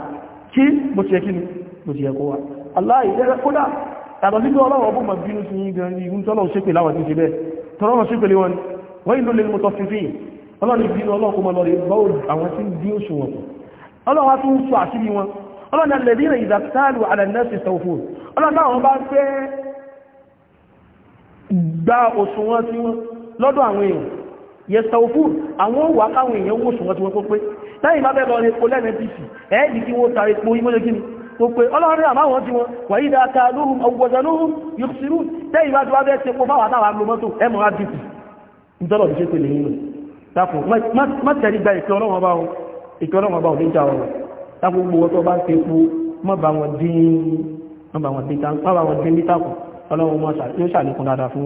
kí bó ti yẹ kí ni bó ti yẹ kó wá aláìlẹ́rẹ́ kódà tàbí sí pé ọlọ́run ọbọ̀ máa bínú sí yín gan ní tọ́lọ̀ ṣépè láwọn tí ń ṣe bẹ́ẹ̀ tọ́lọ̀ wọn ṣépè lé wọn wọ́n yìí ló lè mọ́tọ́ fífín ọlọ́run bínú ọlọ́run kó máa lọ rí bọ́ọ̀lù àwọn tí ń bí òṣùwọ̀n ọlọ́run á tún sọ àṣírí wọn ọlọ́run alẹ́dínà ìdàtàlù alẹ́nẹ́sì sọ́fún ọlọ́run àwọn bá fẹ́ gba òṣùwọ̀n tí wọ́n lọ́dọ̀ àwọn èèyàn yẹ sọ́fún àwọn wà káwọn èèyàn wòṣùwọ̀n tí wọ́n pé tẹ́yìn bá bẹ́ẹ̀ lọ epo lẹ́nu pc ẹ̀ẹ́dì kí ta epo yí mọ́lẹ́ kíni tó pé ọlọ́rin àmáwọn tí wọn wàyí dáa ta lóhun ọgbọ̀dọ̀ lóhun yóò sírù tẹ́yìn bá jọba bẹ́ẹ̀ tepo fáwọn àtàwọn agbomọ́tò ẹmọ́ adìsì ìjọba ìṣe pé lè nínú tako má tẹ̀lé gba ìfẹ́ ọlọ́wọ́n bá wọn ìfẹ́ ọlọ́wọ́n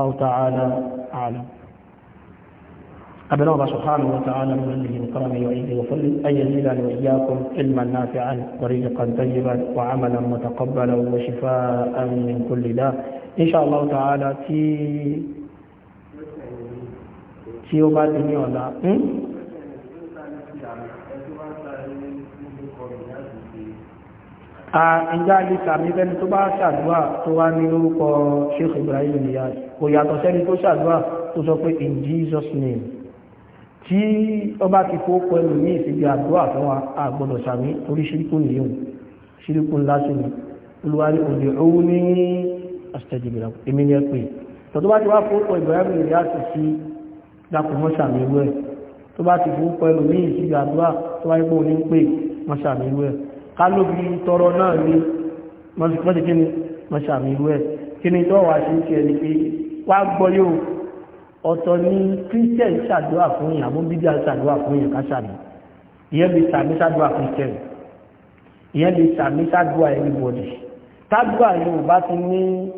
tó bá أبنى الله سبحانه وتعالى من منه وكرمه وعيده وفل أي يزيدنا وإياكم علما نافعا ورزقا طيبا وعملا متقبلا وشفاء من كل داء إن شاء الله تعالى في tí ó bá في ní ọ̀la ìjá hmm? ilé sàmì fẹ́ni tó bá ṣàdúwà tó wá ní orúkọ Sheikh Ibrahim Niyazi kò yàtọ̀ sẹ́ni tó ṣàdúwà tó sọ pé in Jesus name tí ọba ti kó pẹ̀lú ní ìsìnkú àdúrà fún wa àgbọ̀dọ̀ sàmì orí ṣíríkù nìyí ṣíríkù ńlá sí ni olùwárí òde owó ní àṣìtẹ̀jìbìlà èmi ni ẹ pé tọ́tọ́ bá ti wá fún ọ̀pọ̀ ìbẹ̀rẹ̀ mi ìyá sì sí dàpọ̀ mọ́sàmì ìwé ẹ̀ tó bá ti fún pẹ̀lú ní ìsìnkú àdúrà tó wáyé pé òní ń pè mọ́sàmì ìwé ẹ̀ ká ló fi tọrọ náà ní mọ́sàmì ìwé ẹ̀ pé wá gbọ́ yóò ọ̀tọ̀ ni christian ṣàdúrà fún yìí àbó bíbí ṣàdúrà fún yìí káṣàbí ìyẹn lè sàmí ṣàdúrà christian ìyẹn lè sàmí ṣàdúrà everybody ṣàdúrà yóò bá ti ní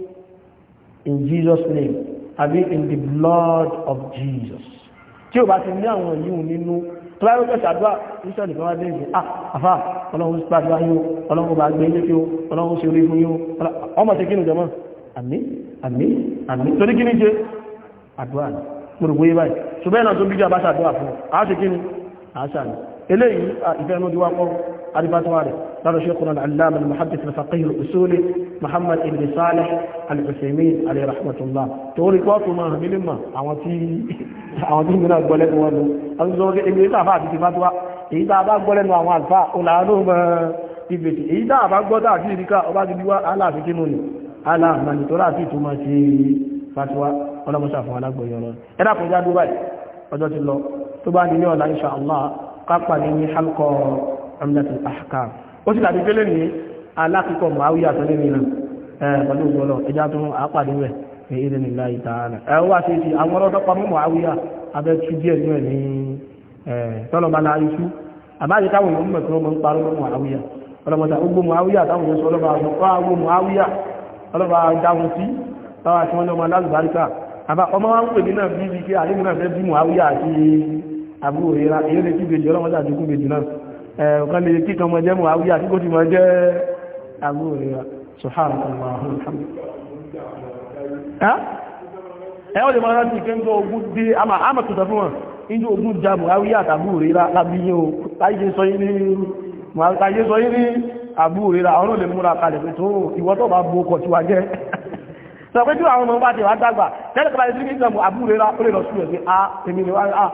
in jesus name àbí in the blood of jesus tí o bá ti ní àwọn yìí nínú tọ́láyọ́jọ́ ṣàdúrà christian kan wá dé ìgbé ah àfà ọlọ́run ṣàdúrà yóò ọlọ́run bá gbé ilé yóò ọlọ́run ṣe orí fún yóò ọmọ ṣe kí ni jọmọ àmì àmì àmì torí kí ni jẹ àdúrà ní gbogbo yé báyìí ṣùgbọ́n náà tó bí jẹ́ àbáṣàdúrà fún àáṣe kí ni àáṣà ni eléyìí ìfẹ́nu díwá pọ́ adibatuwa rẹ̀ lọ́dọ̀ ṣekùnrin al'alamar muhaddis al-faqih al-usuli muhammad ibn salih al-usaimin alayhi rahmatullah tó rí kọ́ tó máa hàmílì mà àwọn tí mìíràn gbọ́lẹ̀ wọn lọ àwọn tó rọ́gẹ́ èmi ìta àbá àti ìfàtúwà èyí tá a bá ọlọ́mọṣà fún alágbòye ọ̀rọ̀ ẹ dákun já dúró ọjọ́ ti lọ tó bá ní ọ̀la insha Allah kápá ní ní halqa Umdatul Ahkam ó sì dàbí pélé ní alákìkọ̀ màáwí àtọ́lé mi náà pẹ̀lú ògbọ́lọ̀ tó ń rẹ̀ ní nílá wá sí ti àwọn díẹ̀ ní ẹ̀ ní tọ́lọ́ba táwọn àbá ọmọ wa ń pè mí náà bíbí pé àlébù náà fẹ́ bí Muawiya àti àbúrò ìra èyí lè kíbe jù ọlọ́mọdé àti kíbe jù náà ọ̀kan lè kí kan mọ jẹ́ Muawiya àti kó ti mọ jẹ́ àbúrò ìra sọ̀hárà kan wà áhùn ẹ ọ lè máa rántí pé ń gbọ́ ogun dé àmà àmà tó sọ fún wọn inú ogun ja Muawiya àti àbúrò ìra lábí yín o láyé sọ yín ní Muawiya sọ yín ní àbúrò ìra àwọn sọ pé tí àwọn ọmọ bá ti wá dàgbà tẹ́lẹ̀ kọ́ba ìdílé ìjọ mọ̀ àbúrò rẹ̀ ó lè lọ sílẹ̀ sí a èmi ni wá a ah,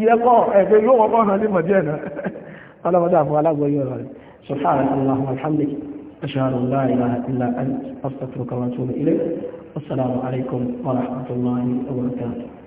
iye kọ́ ẹ̀fẹ́ yóò wọ́n kọ́ hàn ní mọ̀dí ẹ̀nà [laughs] ọlọ́mọdé àfọ alágbóyè ọ̀rọ̀ rẹ̀ subhanak allahumma